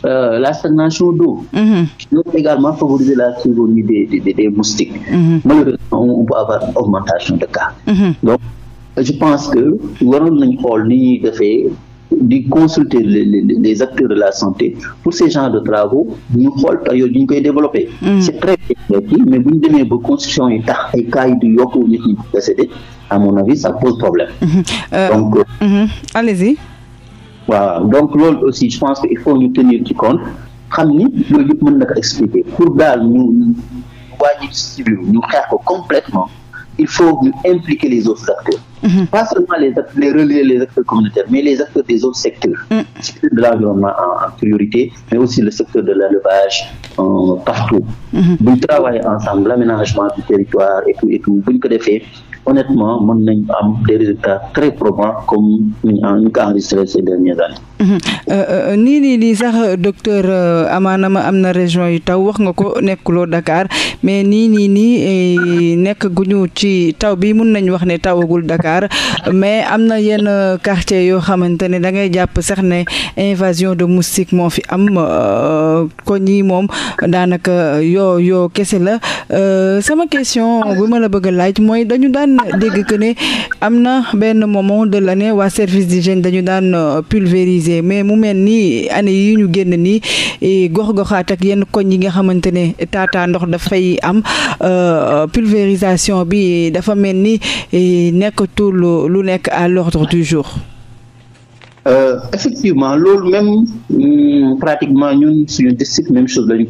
euh, la stagnation d'eau loolu mm-hmm. également favoriser la survenue des des, des mm-hmm. malheureusement on peut avoir augmentation de cas mm-hmm. donc je pense que waroon nañ xool ni ñuy di consulter les, les, acteurs de la santé pour ces genres de travaux ñu xool période yi ñu koy développé. Mm. c'est très bien mais bu ñu demee ba constitution yi tax ay cas yi du yokk nit ñi décédé à mon avis ça pose problème. Mm-hmm. Euh, donc euh, mm-hmm. y waaw donc loolu je pense que il faut ñu tenir ci compte xam ni loolu yëpp mën pour daal ñu wàññi civil ñu xeex complètement il faut ñu impliquer les autres acteurs. Mmh. Pas seulement les, acteurs, les relais, les communautaires, mais les acteurs des autres secteurs. Mmh. Le en, en, priorité, mais aussi le secteur de l'élevage euh, partout. Mhm. Buñ travailler ensemble, l'aménagement du territoire et tout et tout, buñ ko defee honnêtement mën nañ am des résultats très probants comme ni mhm. euh, euh, euh, nii nii nii sax docteur amaana ma am na région yu taw wax nga ko nekkuloo dakaar mais nii nii nii eh, nekk guñu ci taw bi mun nañ wax ne tawagul dakaar mais am na yenn quartier yoo xamante ne da ngay jàpp sax ne invasion de moustique moo fi am ko ñi moom daanaka yoo yoo kese la sama question bu ma la bëgg laaj mooy dañu daan ngeen dégg que ne am na benn moment de l'année waa service di d'hygiène dañu daan euh, pulvériser mais mu mel nii année yi ñu génn nii e gox-goxaat ak yenn koñ yi nga xamante ne taataa ndox dafay am euh, euh, pulvérisation bi dafa mel ni e nekkatul lu nekk à l'ordre du jour. effectivement loolu même hmm, pratiquement ñun suñu district même chose la ñu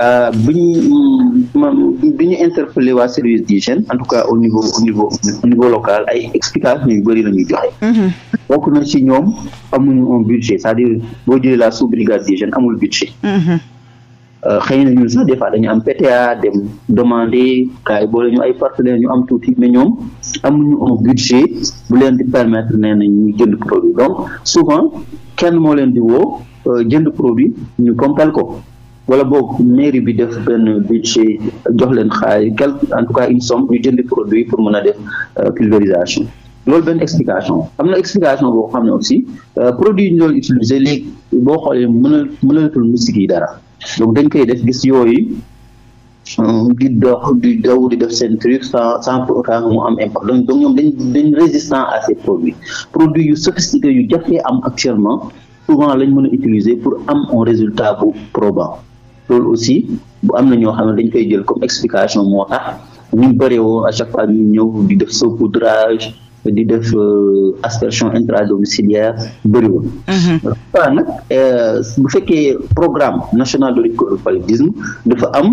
Euh, bi ñu bi ñu interpellé waa service d'hygiène en tout cas au niveau au niveau au niveau local ay explications yu bëri la ñuy joxe. Mm-hmm. bokk na ci ñoom amuñu un budget c'est-à-dire boo jëlee la sous brigade d'hygiène amul budget. Mm-hmm. Euh, xëy na ñu sax des dañu am PTA dem demander kaay boole ñu ay partenaires ñu am tuuti mais ñoom amuñu un budget bu leen di permettre nee na ñu jënd produit donc souvent kenn moo leen di woo euh, jënd produit ñu compal ko. wala boog mairie bi def benn budget jox leen xaay quelque en tout cas une somme ñu jënd produit pour mën a def euh, pulvérisation loolu benn explication am na explication boo xam ne aussi euh, produit yi ñu doon utiliser léegi boo xoolee mën a mënatul musique yi dara donc dañ koy def gis yooyu euh, di dox di daw di def seen truc sans sans pour autant mu am impact donc donc ñoom dañ dañ résistant à ces produits produits yu sophistiqués yu jafee am actuellement souvent lañ mën a utiliser pour am un résultat bu probant loolu aussi bu am na ñoo xam ne dañ koy jël comme explication moo tax ñu bëri woo chaque fois ñu ñëw di def saupoudrage di def euh, aspersion intradomiciliaire bëriwul. waaw mhm. nag euh, bu fekkee programme national de lutte contre le dafa am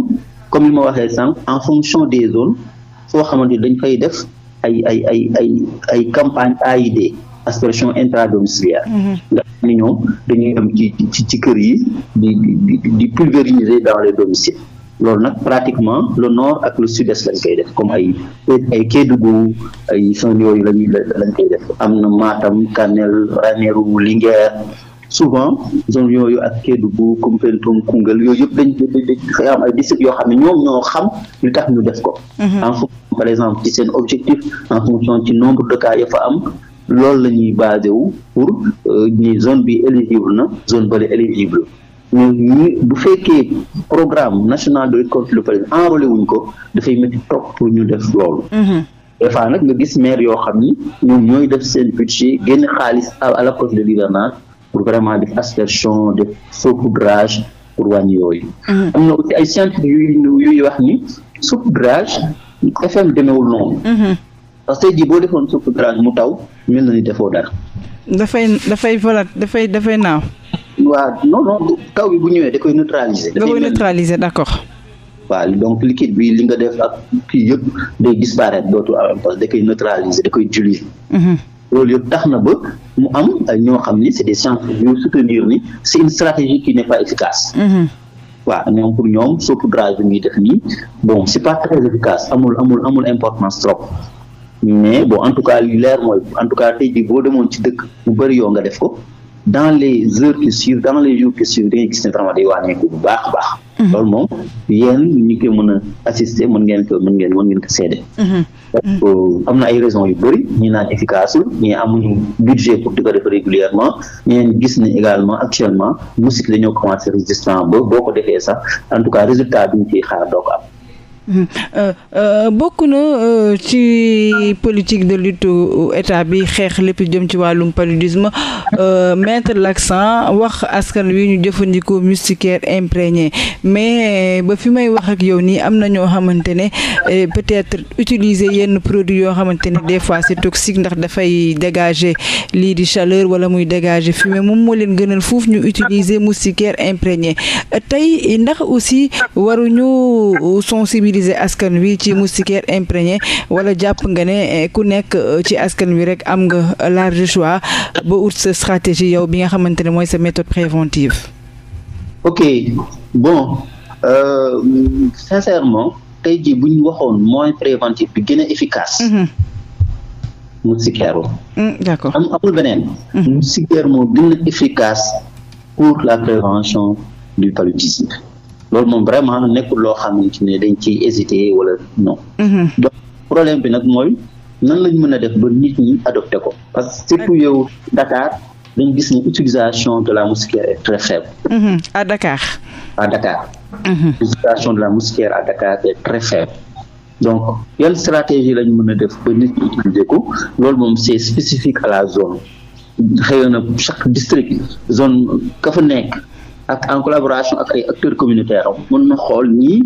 comme li waxee sànq en fonction des zones foo xamante ni dañ fay def ay ay ay ay ay campagne AID. aspiration intradomiciliaire. Mm-hmm. nga xam ne ñoom dañuy am ci ci ci kër yi di di di pulvériser dans les domiciles. loolu nag pratiquement le nord ak le sud-est lañ koy def comme ay ay Kédougou ay son yooyu lañuy lañ koy def am na Matam Kanel Ranérou Linguère souvent zone yooyu ak gu Koumpentoum Koungheul yooyu yëpp dañ dañ am yoo xam ne ñoom ñoo xam lu tax ñu def ko mm-hmm. par exemple ci seen objectif en fonction ci nombre de cas ya fa am loolu la ñuy basé pour ñi euh, zone bi éligible na zone bële éligible ñu bu fekkee programme national de lutte contre le paludisme wuñ ko dafay métti topp pour ñu def loolu. Mhm. des nag nga gis maire yoo xam ni ñoom ñooy def seen budget génn xaalis à l'approche de l'hivernage pour vraiment def aspersion def saupoudrage pour wàññi yooyu. Mhm. am na aussi ay scientifique yu yuy wax ni saupoudrage FM demeewul noonu. Mhm. parce que tey jii boo defoon saupoudrage mu taw mel na ni defoo dara. dafay dafay volat dafay dafay naaw. waaw non non taw bi bu ñëwee da koy neutraliser. da koy neutraliser d'accord. waaw donc liquide li nga def ak kii yëpp day disparaître dootu am parce que da koy neutraliser mhm. loolu yëpp tax na ba mu am ñoo xam ni c'est des scientifiques ñoo soutenir ni c'est une stratégie qui n'est pas efficace. Mhm. waaw ñoom pour ñoom saupoudrage bi muy def nii bon c'est pas très efficace amul amul amul importance trop. mais bon en tout cas leer mooy en tout cas tey jii boo demoon ci dëkk bu bëri yoo nga def ko dans les heures qui suivent dans les jours qui suivent da ngay gis ne vraiment day wàññeeku bu baax a baax. Mhm. loolu moom yéen ñi koy mën a assister mën ngeen ko mën ngeen mën ngeen ko seede. Mhm. Mhm. Euh, am na ay raisons yu bëri ñu naan efficace ñi amuñu budget pour di ko def régulièrement ñeen gis ne également actuellement musique la ñoo commencé résistant ba boo ko defee sax en tout cas résultat bi ñu ciy xaar doo ko am. Euh, euh, bokk na euh, ci politique de lutte état bi xeex lépp jëm ci wàllum paludisme mettre l'accent wax askan wi ñu jëfandikoo moustiquaire imprégné mais ba fi may wax ak yow nii am na ñoo xamante ne peut-être utiliser yenn produit yoo xamante ne des fois c'est toxique ndax dafay dégager lii di chaleur wala muy dégager fumée moom moo leen gënal foofu ñu utiliser moustiquaire imprégné tey ndax aussi waruñu sensibiliser sensibiliser askan wi ci moustiquaire imprégné wala jàpp nga ne eh, ku nekk eh, ci askan wi rek am nga eh, large choix ba ut sa stratégie yow bi nga xamante ne mooy sa méthode préventive. ok bon euh, sincèrement tey jii bu waxoon moyen préventif bi mm-hmm. mm, mm-hmm. gën a efficace. pour la prévention du paludisme. loolu moom vraiment nekkul loo xamante ne dañ ciy hésité wala no mhm. donc problème bi nag mooy nan lañ mën a def ba nit ñi adopté ko parce que surtout yow Dakar dañ gis ni utilisation de la moustiquaire est très faible. Mhm. à Dakar. à Dakar. Mhm. de la moustiquaire à Dakar est donc yan stratégie lañ mën a def ba nit ñi ko loolu moom c'est spécifique à la zone xëy na chaque district zone kafa nekk. ak en collaboration ak ay acteurs communautaires am mën na xool ñii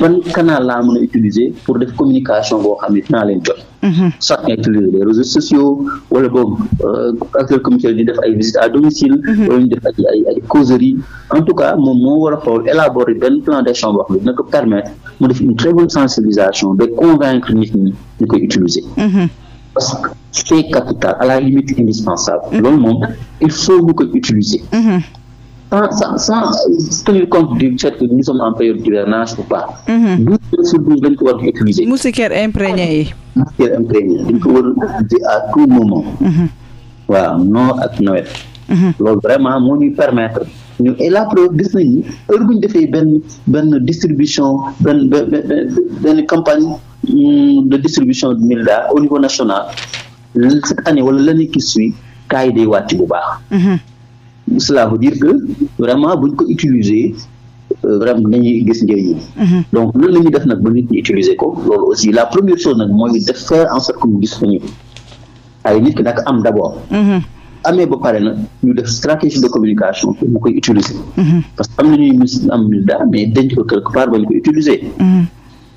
ban canal laa mën a utiliser pour def communication boo xam ne dinaa leen jot. Mhm. soit nga utiliser les réseaux sociaux wala boog euh, acteurs communautaires di def ay visites à domicile. Mhm. wala ñu def ay ay ay causeries en tout cas moom moo war a xool élaborer benn plan d'action boo xam ne dina ko permettre mu def une très bonne sensibilisation de convaincre nit ñi ñu koy utiliser. Mhm. parce que c'est capital à la limite indispensable. sans, sans, sans tenir compte du fait que nous sommes en période d'hivernage ou pas. douze mhm. heures sur douze lañ ko war a utiliser. moustiquaire imprégné yi. moustiquaire imprégné dañ ko war a utiliser à tout moment. Mhm. waaw noor ak nawet. Mhm. loolu vraiment moo ñuy permettre. ñu et la preuve gis nañu heure bu ñu defee benn benn distribution benn benn campagne hmm, de distribution de Milda au niveau national cette année wala l'année qui suit cas yi day wàcc bu baax. cela veut dire que vraiment bu ñu ko utiliser euh, vraiment gis njëriñ yi mhm. donc loolu la ñuy def ba nit ñi ko loolu aussi la première chose nag mooy def faire en sorte que mu gis nañu ay d' abord mhm. amee ba pare nag ñu def stratégie de communication mu koy utiliser mhm. parce que am na ñuy mis am milda mais denc ko ñu koy utiliser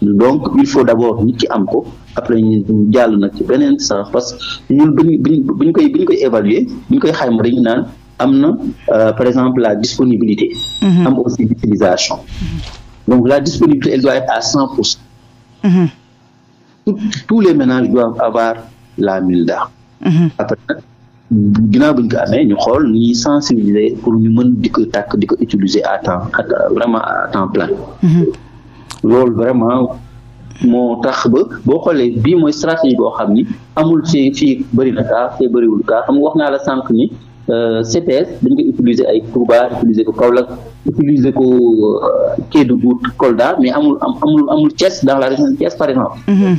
donc il d' abord nit am ko après ñu jàll nag ci beneen sax parce que ñun bi ñu bi ñu koy bi ñu koy évaluer bi ñu koy naan am na euh, par exemple la disponibilité. Mm-hmm. am mm -hmm. aussi l'utilisation mm-hmm. donc la disponibilité elle doit être cent pour cent. Mm-hmm. tous les ménages doivent avoir la Milda. après nag ginnaaw bi ñu amee ñu xool ñu sensibiliser pour ñu mën di takk tàkk di ko utiliser à temps vraiment à temps plein. vraiment moo tax ba boo xoolee bii mooy stratégie boo xam ni amul fii fii bëri na kaa fee bëriwul kaa xam wax naa la sànq ni. Euh, CTS dañ koy utiliser ay Touba utiliser ko Kaolack utiliser ko euh, Kédougou Kolda mais amul amul amul Thiès dans la région de Thiès par exemple. Mhm.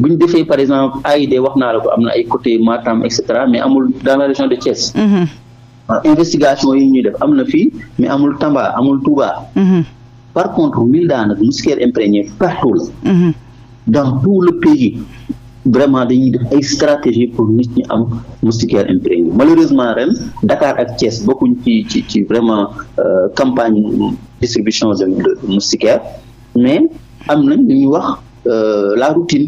bu defee par exemple AID wax naa la ko am na ay côté Matam et mais amul dans la région de Thiès. Mhm. Ah, investigation yi ñuy def am na fi mais amul Tamba amul Touba. Mhm. par contre Milda nag moustiquaire imprégnée partout la. dans tout le pays. vraiment dañuy def ay stratégie pour nit ñi am moustiquaire imprégnée malheureusement ren Dakar ak Thiès bokkuñ ci ci ci vraiment euh, campagne distribution de moustiquaire mais am nañ li ñuy wax euh, mm-hmm. la routine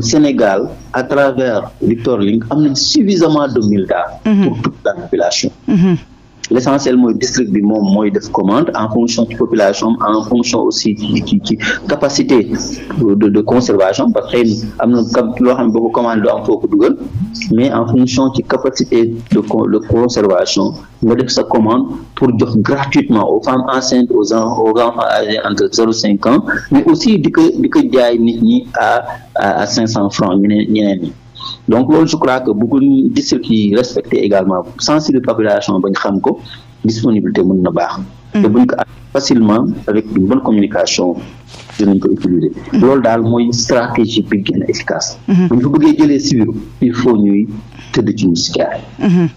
Sénégal à travers Victor Link am nañ suffisamment de milda mm-hmm. pour toute la population mm-hmm. l' essentiel mooy district bi moom mooy def commande en fonction ci population en fonction aussi ci ci capacité euh, de de conservation parce que xëy am na loo xam ne boo ko commande doo am ko dugal mais en fonction ci capacité de de conservation nga def sa commande pour jox gratuitement aux femmes enceintes aux aux enfants âgés entre zéro cinq ans mais aussi di ko di ko jaay nit ñi à à cent francs ñeneen ñeneen ñi donc loolu je crois que bëgguñ district yi respecté également sensibiliser population ba ñu xam ko disponibilité mën na baax. Mm-hmm. te buñ ko facilement avec une bonne communication dinañ ko utiliser. Mm-hmm. loolu daal mooy stratégie bi gën a efficace. bu ñu ko bëggee jëlee si biir il faut ñuy tëdd ci ñu si mm-hmm.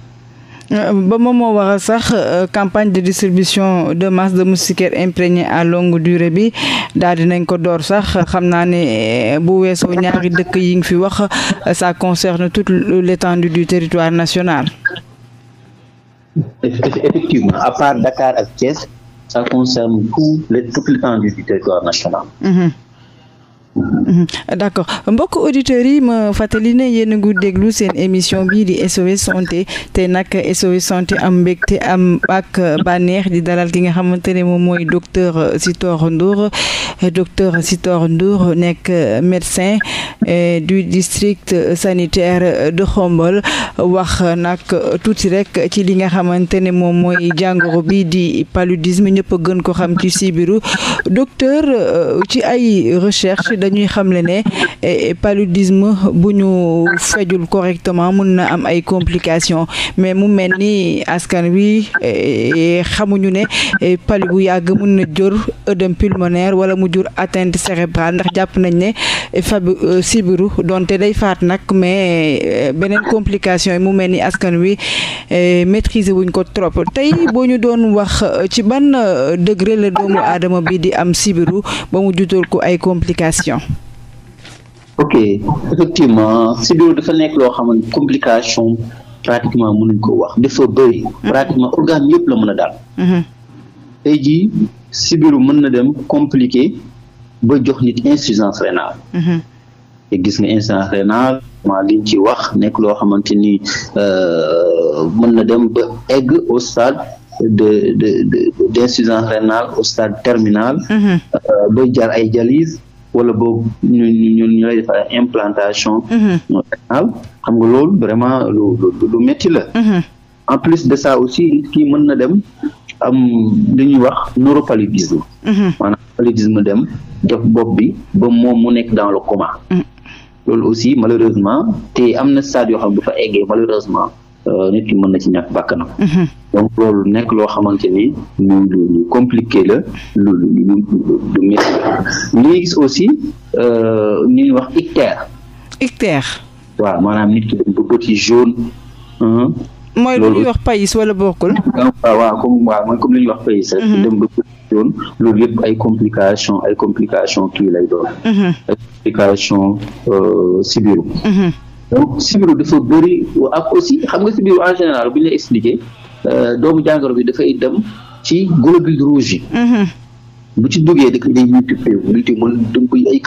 Euh, ba moom moo waral sax euh, campagne de distribution de masse de moustiquaire imprégnée à longue durée bi daal dinañ ko door sax xam naa ne euh, bu weesoo ñaari dëkk yi nga fi wax ça concerne toute l'étendue du territoire ak tout l'étendue du territoire national. Mhm. Mhm. d'accord mbokk auditeurs yi ma fàttali ne yéen a ngi déglu seen émission bii di SOS santé te nag SOS santé am mbégte am ak bànneex di dalal ki nga xamante ne moom mooy docteur Sitor Ndour docteur Sitor Ndour nekk médecin eh, du district sanitaire de Khombole wax nag tuuti rek ci li nga xamante ne moom mooy jàngoro bi di paludisme ñëpp gën ko xam ci sibiru docteur eh, ci ay recherche dañuy xamle ne eh, eh, paludisme bu ñu fajul correctement mun na am ay complication mais mu mel ni askan wi eh, xamuñu ne palu bu yàgg mun na jur œdème pulmonaire wala mu jur atteinte cérébrale ndax jàpp nañ ne fabu euh, sibiru donte day faat nag mais beneen complication yi mu mel ni askan wi maîtriser wuñ ko trop tey boo ñu doon wax euh, ci ban euh, degré la doomu aadama bi di am sibiru ba mu jutal ko ay complications complication ok effectivement sibiru dafa nekk loo xam ne complication pratiquement mënuñ ko wax dafa bëri hmm. pratiquement organe yëpp la mën a daal hmm. tey jii sibiru mën na dem compliqué ba jox nit insuffisance rénale hmm. te gis nga insuffisance ma liñ ci wax nekk loo xamante ni euh, mën na dem ba egg au stade de de d'insuffisance rénale au stade terminal euh, bay jar ay dialyse wala boog ñu ñu ñu lay def ay implantation. Mhm. xam nga lool vraiment lu lu metti la. Mhm. en plus de ça aussi kii mën na dem am lu wax neuropaludisme. Mhm. maanaam paludisme dem def bopp bi ba moom mu nekk dans le coma. loolu aussi malheureusement te am na stade yoo xam ne bu malheureusement euh, nit ki mën na ci ñàkk bàkkanam. donc loolu nekk loo xamante ni lu lu lu la lu lu lu lu métti la gis aussi euh, ñu wax ictère. ictère. waaw maanaam nit ki dem ba jaune. mooy lu ñuy wax pays wala bokkul. waaw waaw comme waaw comme li ñuy wax pays rek. dem mhm. ba bët yi jaune loolu yëpp ay complications ay complications kii lay doon. Mhm. ay complications euh, sibiru. Mhm. sibiru dafa bëri aussi xam nga sibiru en général bu ñu lay expliqué. Euh, doomu jàngoro bi dafay dem ci globules rouges yi. Mm-hmm. bu ci duggee da koy day multiplier multiplier mën da nga koy ay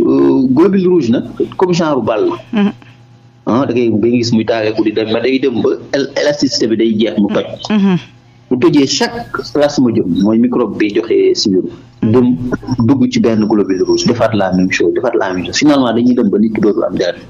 euh, nag comme genre ball la. Mm-hmm. ah da ngay da ngay gis muy ba day jeex mu élasticité bi day jeex mu toj. Mm-hmm. bu tojee chaque plasmodium mooy microbe bi joxe sibiru dem dugg ci benn globule rouge defaat la même chose defaat la même chose finalement dañuy dem ba nit ki dootul am dara.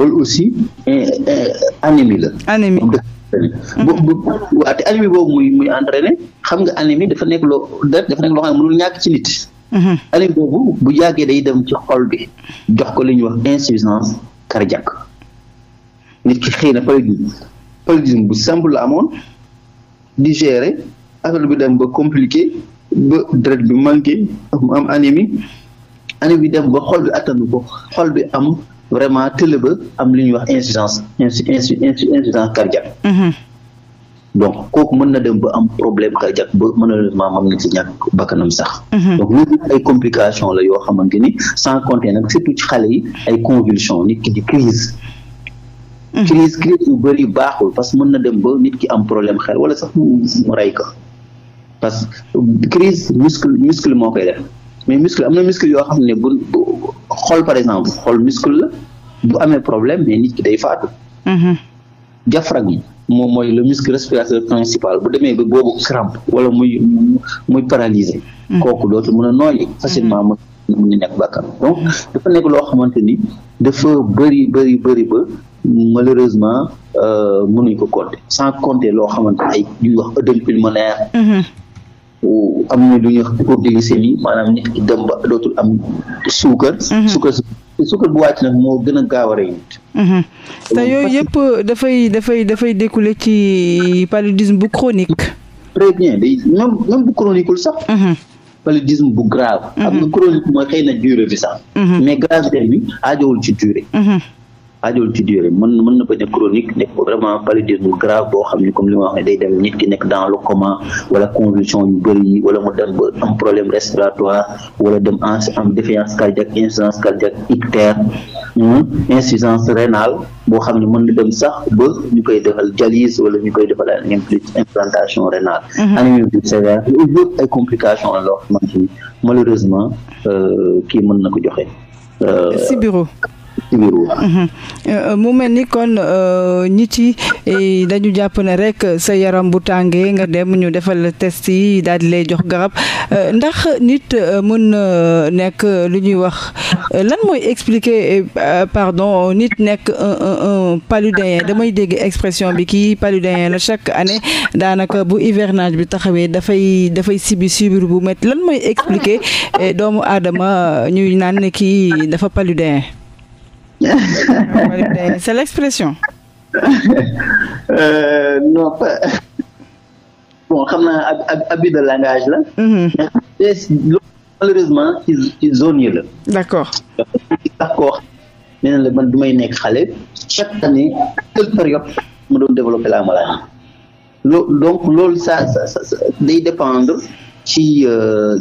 loolu aussi eh, eh, anémie la. anémie mm-hmm. waaw te anémie boobu muy muy entraîné xam nga anémie dafa nekk loo dafa nekk loo xam ne mënul ñàkk ci nit. Mm-hmm. anémie boobu bu yàggee day dem ci xol bi jox ko li ñuy wax insuffisance cardiaque nit ki xëy na paludisme paludisme bu simple la amoon di gérer affaire bi dem ba compliqué ba deret bi manqué mu am anémie anémie bi dem ba xol bi attanu ko xol bi am. vraiment tële ba am lu ñuy wax insuffisance insuffisance cardiaque mm-hmm. donc kooku mën na dem ba am problème cardiaque ba malheureusement mam na ci ñàkk bakkanam sax mm-hmm. donc loolu ay complication la yoo xamante ni sans compter nag surtout ci xale yi ay convulsion nit ki di crise mm-hmm. crise crise yu bëri baaxul parce que mën na dem ba nit ki am problème xel wala sax mu rey parce que crise muscle muscle moo koy def mais muscle am na muscle yoo xam ne bu xool par exemple xool muscle la bu amee problème mais nit ki day faatu. Mhm. diaphragme moom mooy le muscle respirateur principal bu demee ba boobu crampe wala muy muy paralysé. Mhm. kooku dootu mun a nooyi mhm. facilement mën mën nekk bakkan donc dafa nekk loo xamante ni dafa bëri bëri bëri ba malheureusement euh, mënuñ ko compter sans compter loo xamante ay ñuy wax œdème pulmonaire. am na lu ñuy wax hypoglycémie maanaam nit ki dem ba dootul am suukar. Mhm. suukar suukar bu wàcc nag moo gën a gaaw a rey nit. Mhm. yooyu yëpp dafay dafay dafay découler ci paludisme bu chronique. très bien day même même bu chronique sax. Mhm. paludisme bu grave. am na chronique mooy xëy na durée bi sax. mais gravité bi aajowul ci durée. ajul ci durée mën na bañ a chronique nekk vraiment paludisme grave boo xam ni comme li ma wax ne day dem nit ki nekk dans le wala convulsion yu bëri wala mu dem ba am problème wala dem am défaillance cardiaque insuffisance cardiaque ictère hmm, insuffisance rénale boo xam ne mën na dem sax ba ñu koy defal dialyse wala ñu koy defal ay implantation rénale mhm. anémie bi sévère loolu yëpp ay complications la loo xamante malheureusement euh, kii mën na ko joxe euh, si numéro [LAUGHS] euh, mu mel ni kon ñi euh, ci eh, dañu jàpp ne rek sa yaram bu tàngee nga dem ñu defal test yi daal di lay jox garab euh, ndax nit mën na nekk lu ñuy wax lan mooy expliquer pardon nit nekk un paludéen damay dégg expression bi kii paludéen la chaque année daanaka bu hivernage bi taxawee dafay dafay sibi subir bu métti lan mooy expliquer doomu aadama ñuy naan ne kii dafa paludéen C'est l'expression. [LAUGHS] euh, non bon xam naa abus de langage la. Mhm. mais malheureusement ci ci la. d'accord. ndax koo ne la man du may nekk xale chaque année telle période mu doon développer la maladie. loo donc loolu ça ça ça day dépendre euh, ci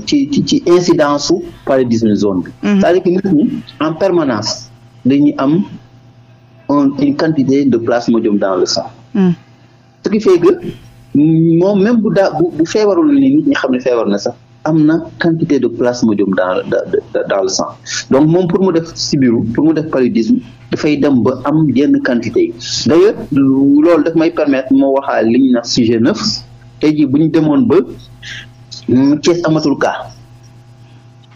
ci ci incidence su paludisme zone bi. Mhm. c'est-à-dire que nit en permanence. dañuy am une quantité de plasmodium dans le sang. Mm. ce qui fait que moom même bu daa bu feebarul ni nit ñi xam ne feebar na sax am na quantité de plasmodium dans dans le sang donc moom pour mu def sibiru pour mu def paludisme dafay dem ba am yenn quantité yi d'ailleurs loolu daf may permettre moo waxaa li na naan sujet neuf tey jii bu ñu demoon ba hmm, Thiès amatul cas.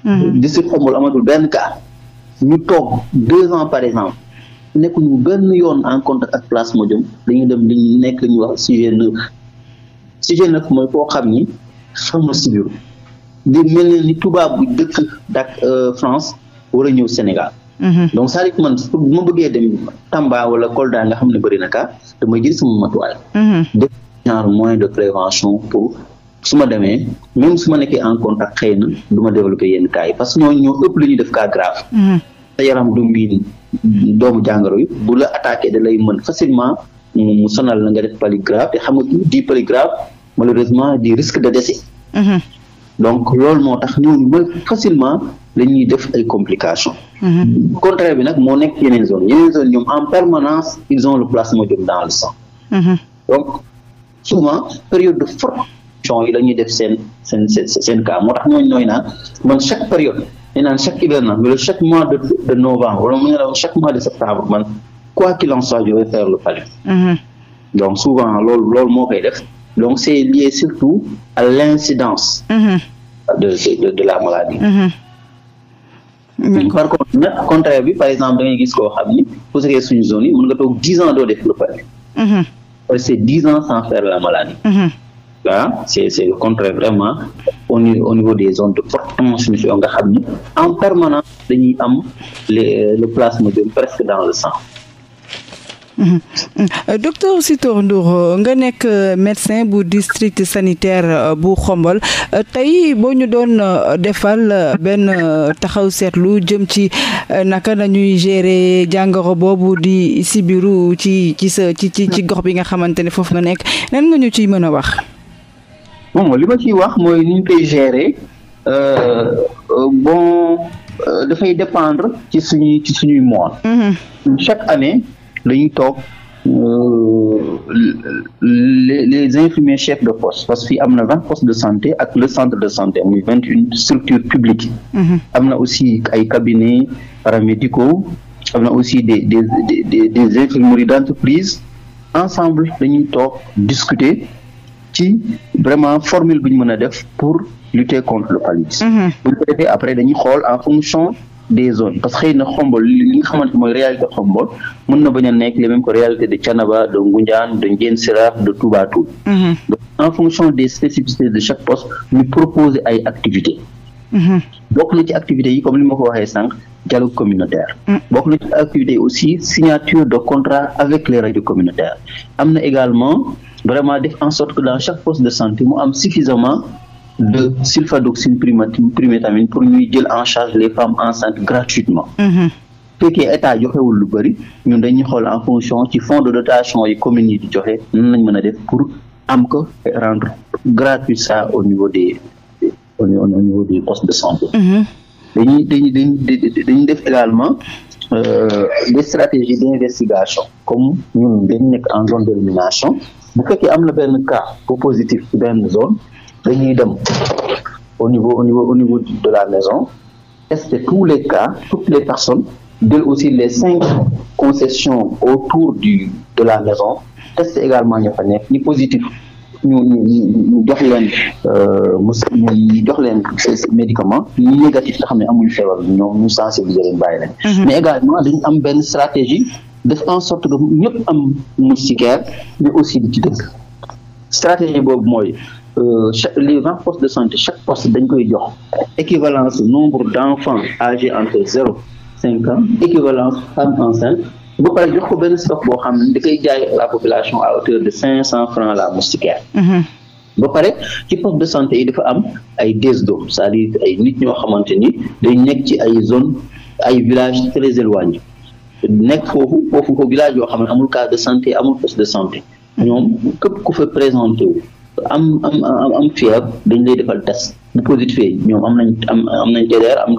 Hmm. district Khombole amatul benn cas. ñu toog deux ans par exemple nekkuñu benn yoon en contact ak Plasmodium dañuy dem dañuy nekk ñu wax sujet neutre sujet mooy koo xam ni xamul si biir di mel ni tubaab bu dëkk dak euh, France war a ñëw Sénégal. Mhm. donc saa yu man ma bëggee dem Tamba wala Kolda nga xam ne bëri na ka damay jël sama matuwaay. Mhm. def genre moyen de prévention pour. su ma demee même su ma nekkee en contact xëy na du ma développé yenn cas parce que ñooñu ëpp lu def cas grave. Mm-hmm. sa yaram du miin doomu jàngoro yi bu la attaqué da mën facilement mu sonal la nga def palu te xam nga di palu grave malheureusement di risque de décès. Mm-hmm. donc loolu moo tax ñooñu mooy facilement la ñuy def ay complications. Mm-hmm. contraire bi nag moo nekk yeneen zone yeneen zone ñoom en permanence ils ont le plasmodium dans le sang. donc souvent yi la ñuy def seen seen seen cas moo tax ñooñu nooy naan man chaque période nee naan chaque hivernage wala chaque de de novembre wala mu la chaque mois de septembre man quoi qu'il en soit je vais faire le palu. Mm-hmm. donc souvent loolu loolu moo koy def donc c' est surtout à l' mm-hmm. de la maladie. Mm-hmm. par exemple da ngay gis xam ni bu fekkee suñu zone yi nga toog dix ans doo def le palu. parce que c' est ans sans faire la maladie. waa c' est c' est le contraire vraiment au niveau des zones de forte transmission nga xam ni en permanence dañuy am les euh, le plasmodium presque dans le sang. Mmh. Euh, docteur Sitor nga nekk euh, médecin bu district sanitaire euh, bu Xombol tey boo ñu doon defal benn taxaw seetlu jëm ci naka nañuy gérer jàngoro boobu di sibiru ci ci sa ci ci gox bi nga xamante ne foofu nga nekk nan nga ñu ciy mën a wax. bon li ma ciy wax mooy ni ñu koy gérer euh, euh, bon euh, dafay dépendre ci suñuy ci suñuy mois. Mm-hmm. chaque année dañuy toog les les infirmiers chefs de poste parce que fii am na vingt postes de santé ak le centre de santé muy vingt une structures publiques. Mm-hmm. am na aussi ay cabinets paramédicaux am na aussi des des des des infirmeries d'entreprise ensemble dañuy toog discuté ci vraiment formule bu ñu mën a def pour lutter contre le paludisme. Mhm. bu ñu ko après dañuy xool en fonction des zones parce que xëy na xombol li nga xamante mooy réalité xombol mën na bañ a nekk les mêmes que réalité de Thiénaba de Ngoundiane de Ndiène Sirakh de Toubatoul. Mhm. donc en fonction des spécificités de chaque poste ñu proposer ay activités. Mhm. bokk na ci activité yi comme li ma ko waxee sànq dialogue communautaire. Mm. bokk na ci activités yi aussi signature de contrat avec les radios communautaires am na également vraiment def en sorte que dans chaque poste de santé mu am suffisamment. de sulfadoxine primétamine pour ñuy jël en charge les femmes enceintes gratuitement mhm. fekkee état joxewul lu bëri ñun dañuy xool en fonction ci fonds de dotation yi communes yi di joxe nan lañ mën a def pour am ko rendre gratuit ça au niveau des au niveau de santé. Mm-hmm. dañuy def également euh, des stratégies d'investigation comme ñun nekk en zone d'élimination bu fekkee am na benn cas bu positif ci benn zone dañuy dem au niveau au niveau niveau de la maison tester tous les cas toutes les personnes jël aussi les cinq concessions autour de la maison tester également ña fa nekk ñi positif ñu ñu jox leen euh, ñu jox leen ces ñi négatif nga xam ne amuñu feebar ñoom ñu sensibiliser leen bàyyi leen mhm. mais également dañu am benn stratégie def en sorte que ñëpp am moustiquaire mais aussi di ci dëkk stratégie boobu mooy euh, chaque les vingt postes de santé chaque poste dañ koy jox équivalence nombre d' enfants âgés entre zéro cinq ans équivalence femmes enceintes ba pare jox ko benn stock boo xam ne da koy jaay la population à hauteur de cinq cent francs la moustiquaire. Mhm. ba pare ci poste de santé yi dafa am ay DSDOM cest à ay nit ñoo xamante ni day nekk ci ay zone ay village très éloigné nekk foofu foofu ko village yoo xam ne amul case de santé amul poste de santé ñoom képp ku fa présenté am am am fii ak dañ lay defal test bu positifé ñoom am nañ am am nañ TDR am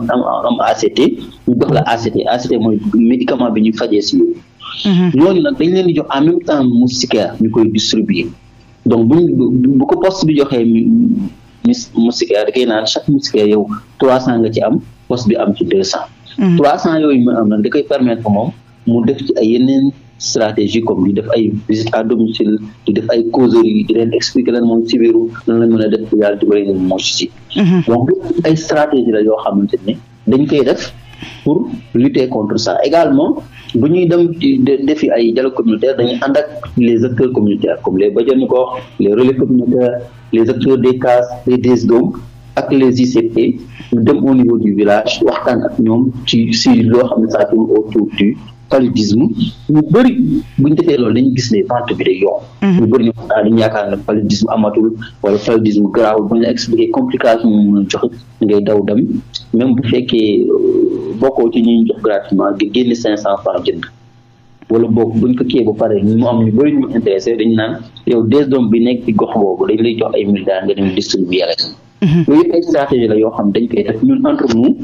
am ACT ñu jox la ACT ACT mooy médicament bi ñuy fajee si mhm. yooyu. ñooñu nag dañ leen di jox en même temps moustiquaire ñu koy distribuer donc bu bu ko post bi joxee moustiquaire da koy naan chaque moustiquaire yow trois cent nga ci am poste bi am ci deux cent. Mhm. trois cent yooyu mu am nag da koy moom mu def ci ay yeneen. stratégie comme di def ay visite à domicile di def ay causeries i leen expliquer lan mooy sibiru lan lañ mën a def yàlla dugal mooy si mhm. donc ay stratégie la yoo xam ne dañ koy def pour lutter contre ça également bu ñuy dem defi ay dialogue communautaire dañuy ànd les acteurs communautaires comme les bajenu gox les relais communautaires les acteurs des cases des DSDOM ak les ICP ñu dem au niveau du village waxtaan ak ñoom ci si loo xam ne ça tourne autour du paludisme ñu bëri bu ñu defee loolu dañu gis ne vente bi day yomb. Mhm. ñu bëri ñu ah dañu yaakaar ne paludisme amatul wala paludisme grave bu ñu la expliqué complication mu mun a jox ngay daw dem même bu fekkee euh, nga jënd. wala boog buñ ko ba pare mu am ñu bëri ñu intéressé dañu naan yow des bi nekk ci gox boobu dañ lay jox ay milliards nga dem distribuer mhm. rek. la yoo xam dañ koy def ñun entre nous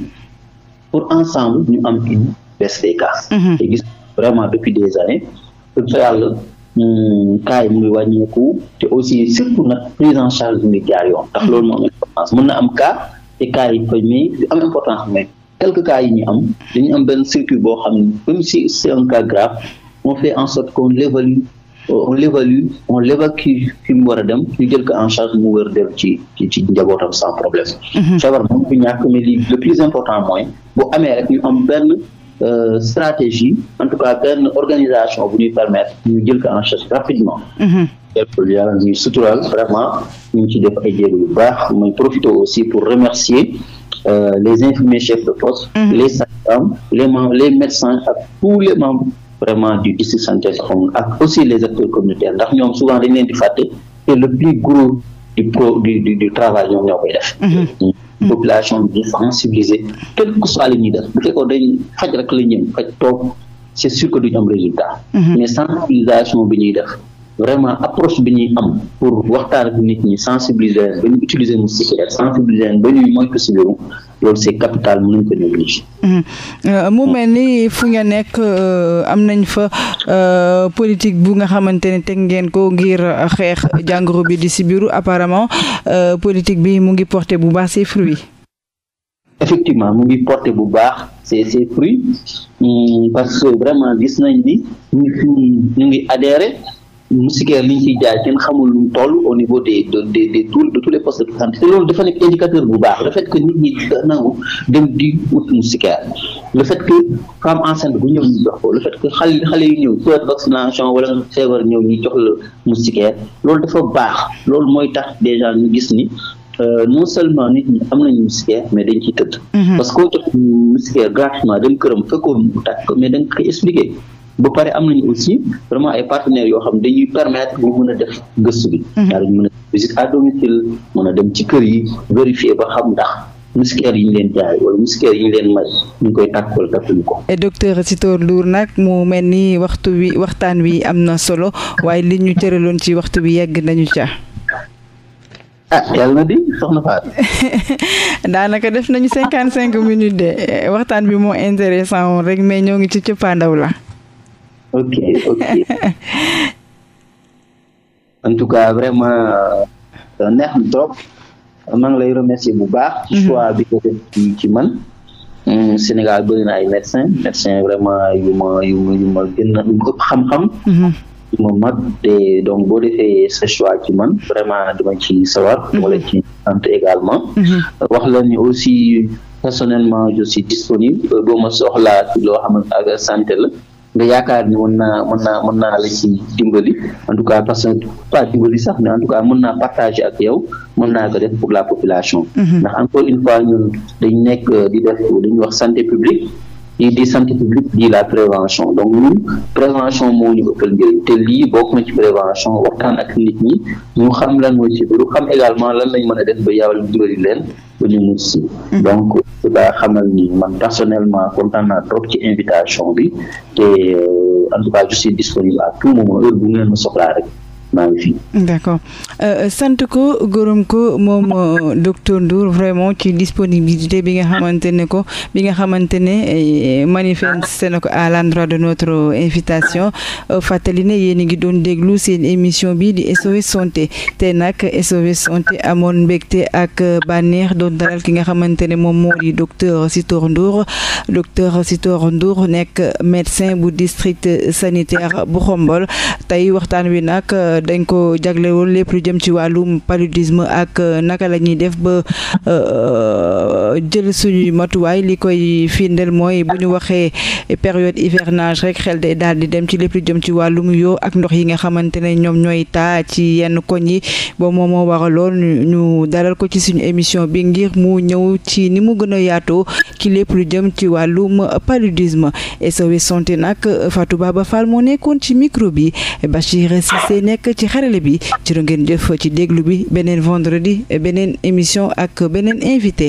pour ensemble ñu am une baisse des cas. te gis vraiment depuis des années pour fa yàlla yi mu ngi te aussi surtout na prise en charge bi jaar yoon. ndax loolu moo am importance mën na am cas te yi am ñu am dañu am benn circuit boo xam ne même si seen un cas on fait en sorte qu'on l'évalue on l'évalue on l'évacue fi mu war a dem ñu jël en charge mu wër dellu ci ci ci njabootam sans problème. feebar mhm. moom fi ñàkk mais li le plus important mooy bu amee rek ñu am benn. Euh, stratégie en tout cas benn organisation bu ñuy permettre ñu jël ko en charge rapidement. jërëjëf mhm. yàlla ñuy suturaal vraiment ñu ngi ciy def ay jéego baax muy profité aussi pour remercier. Euh, les infirmiers chefs de poste. Mhm. les sages les membres les médecins ak tous les membres vraiment du district sanitaire ak aussi les acteurs communautaires ndax ñoom souvent dañ leen di fàtte te le plus gros du travail ñoom ñoo koy def. Mhm. Mm. population bi ñu sensibiliser quel que soit li ñuy def bu fekkoon dañ faj rek la ñëm faj toog c'est sûr que duñu am résultat mhm. mais sensibilisation bi ñuy vraiment approche bi ñuy am pour waxtaan ak nit ñi sensibiliser ba ñu utiliser mu cigarette leen ba ñuy moytu sigaru loolu c'est capital mënuñ ko négliger. Euh, mu mel ni fu nga nekk euh, am nañ fa euh, politique bu nga xamante ne teg ngeen ko ngir xeex jàngoro bi di sibiru apparemment politique bi mu ngi porter bu baax ses fruits. effectivement mu ngi porter bu baax ses ses parce que vraiment gis nañ ni ñu ngi adhéré. moustiquaire li ñu ciy jaay kenn xamul lu mu toll au niveau des de des des de tous les postes de te loolu dafa nekk indicateur bu baax le fait que nit ñi nangu di wut moustiquaire le que femme enceinte bu ñëw ñu jox ko le fait que xale xale yu ñëw soit vaccination wala loolu dafa baax loolu mooy tax déjà ñu gis ni Euh, non seulement nit ñi am nañu moustiquaire mais dañ ciy tëdd. Mhm. parce que koo jot moustiquaire gratuitement dem këram fekkoon mu mais da nga koy ba pare am nañu aussi vraiment ay partenaires yoo xam dañuy permetre ñu mun a def gëstu bi. daal mhm. a visite dem ci kër yi vérifier ba xam ndax. muskeer yi ñu leen jaay wala yi ñu leen may ñu ngi koy takk wala takkuñu ko. docteur Sitor nag mu mel ni waxtu wi waxtaan wi am na solo waaye li ñu cëraloon ci waxtu bi yegg nañu ca. ah yàlla na di soxna Fatou. [LAUGHS] daanaka def nañu cinquante cinq minute de eh, waxtaan wi moo intéressant woon rek mais ñoo ngi ci cëppaandaw la. ok ok [LAUGHS] en tout cas vraiment euh, neex na trop maa ngi remercier bu baax. ci mhm. man. Hmm, Sénégal bëri na ay médecin médecin vraiment yu ma yu xam-xam. Mhm. yu ma mag donc boo defee sa choix ci man vraiment dama ci sawar. wala mhm. ci sant également. wax ni aussi personnellement je disponible euh, boo ma soxlaa ci loo santé la. nga yaakaar ni mën naa mën naa mën naa la ci dimbali en tout cas parce que pas dimbali sax mais partager ak yow mën naa def pour la population. Mhm. ndax encore une fois ñun dañ nekk euh, di def dañuy wax santé publique. yi di santé publique di la prévention donc ñun prévention moo ñu ëppal njëriñ te lii bokk na ci prévention waxtaan ak nit ñi ñu xam lan mooy ci biir xam également lan lañ mën a def ba yàlla dimbali leen ba ñu mucc si mm-hmm. donc daa xamal ni man personnellement kontaan naa trop ci invitation bi te en tout cas je suis disponible à tout moment bu ngeen ma soxlaa rek maa ngi sant ko gërëm ko moom euh, docteur Ndour vraiment ci disponibilité bi nga xamante ne ko bi nga xamante ne eh, manifesté na ko à l' de notre invitation euh, fàttali ne yéen a ngi doon déglu seen émission bi di SOS santé te nag SOS santé amoon mbégte ak euh, bànneex doon dalal ki nga xamante ne moom moo di docteur Sitor Ndour docteur Sitor Ndour nekk médecin bu district sanitaire bu Xombol tey waxtaan wi nag. dañ ko jaglewul lépp lu jëm ci wàllum paludisme ak euh, naka la ñuy def ba euh, euh, jël suñuy matuwaay li koy firndeel mooy bu ñu waxee période hivernage rek xel day daal di dem ci lépp lu jëm ci wàllum yoo ak ndox yi nga xamante ne ñoom ñooy taa ci yenn koñ yi ba moom moo waraloon ñu dalal ko ci suñu émission bi ngir mu ñëw ci ni mu gën a yaatoo ci lépp lu jëm ci wàllum paludisme SOS santé nag Fatou Baba Fall moo nekkoon ci micro bi Bachir Cissé nekk nekk ci xarale bi jërë ngeen jëf ci déglu bi beneen vendredi beneen émission ak beneen invité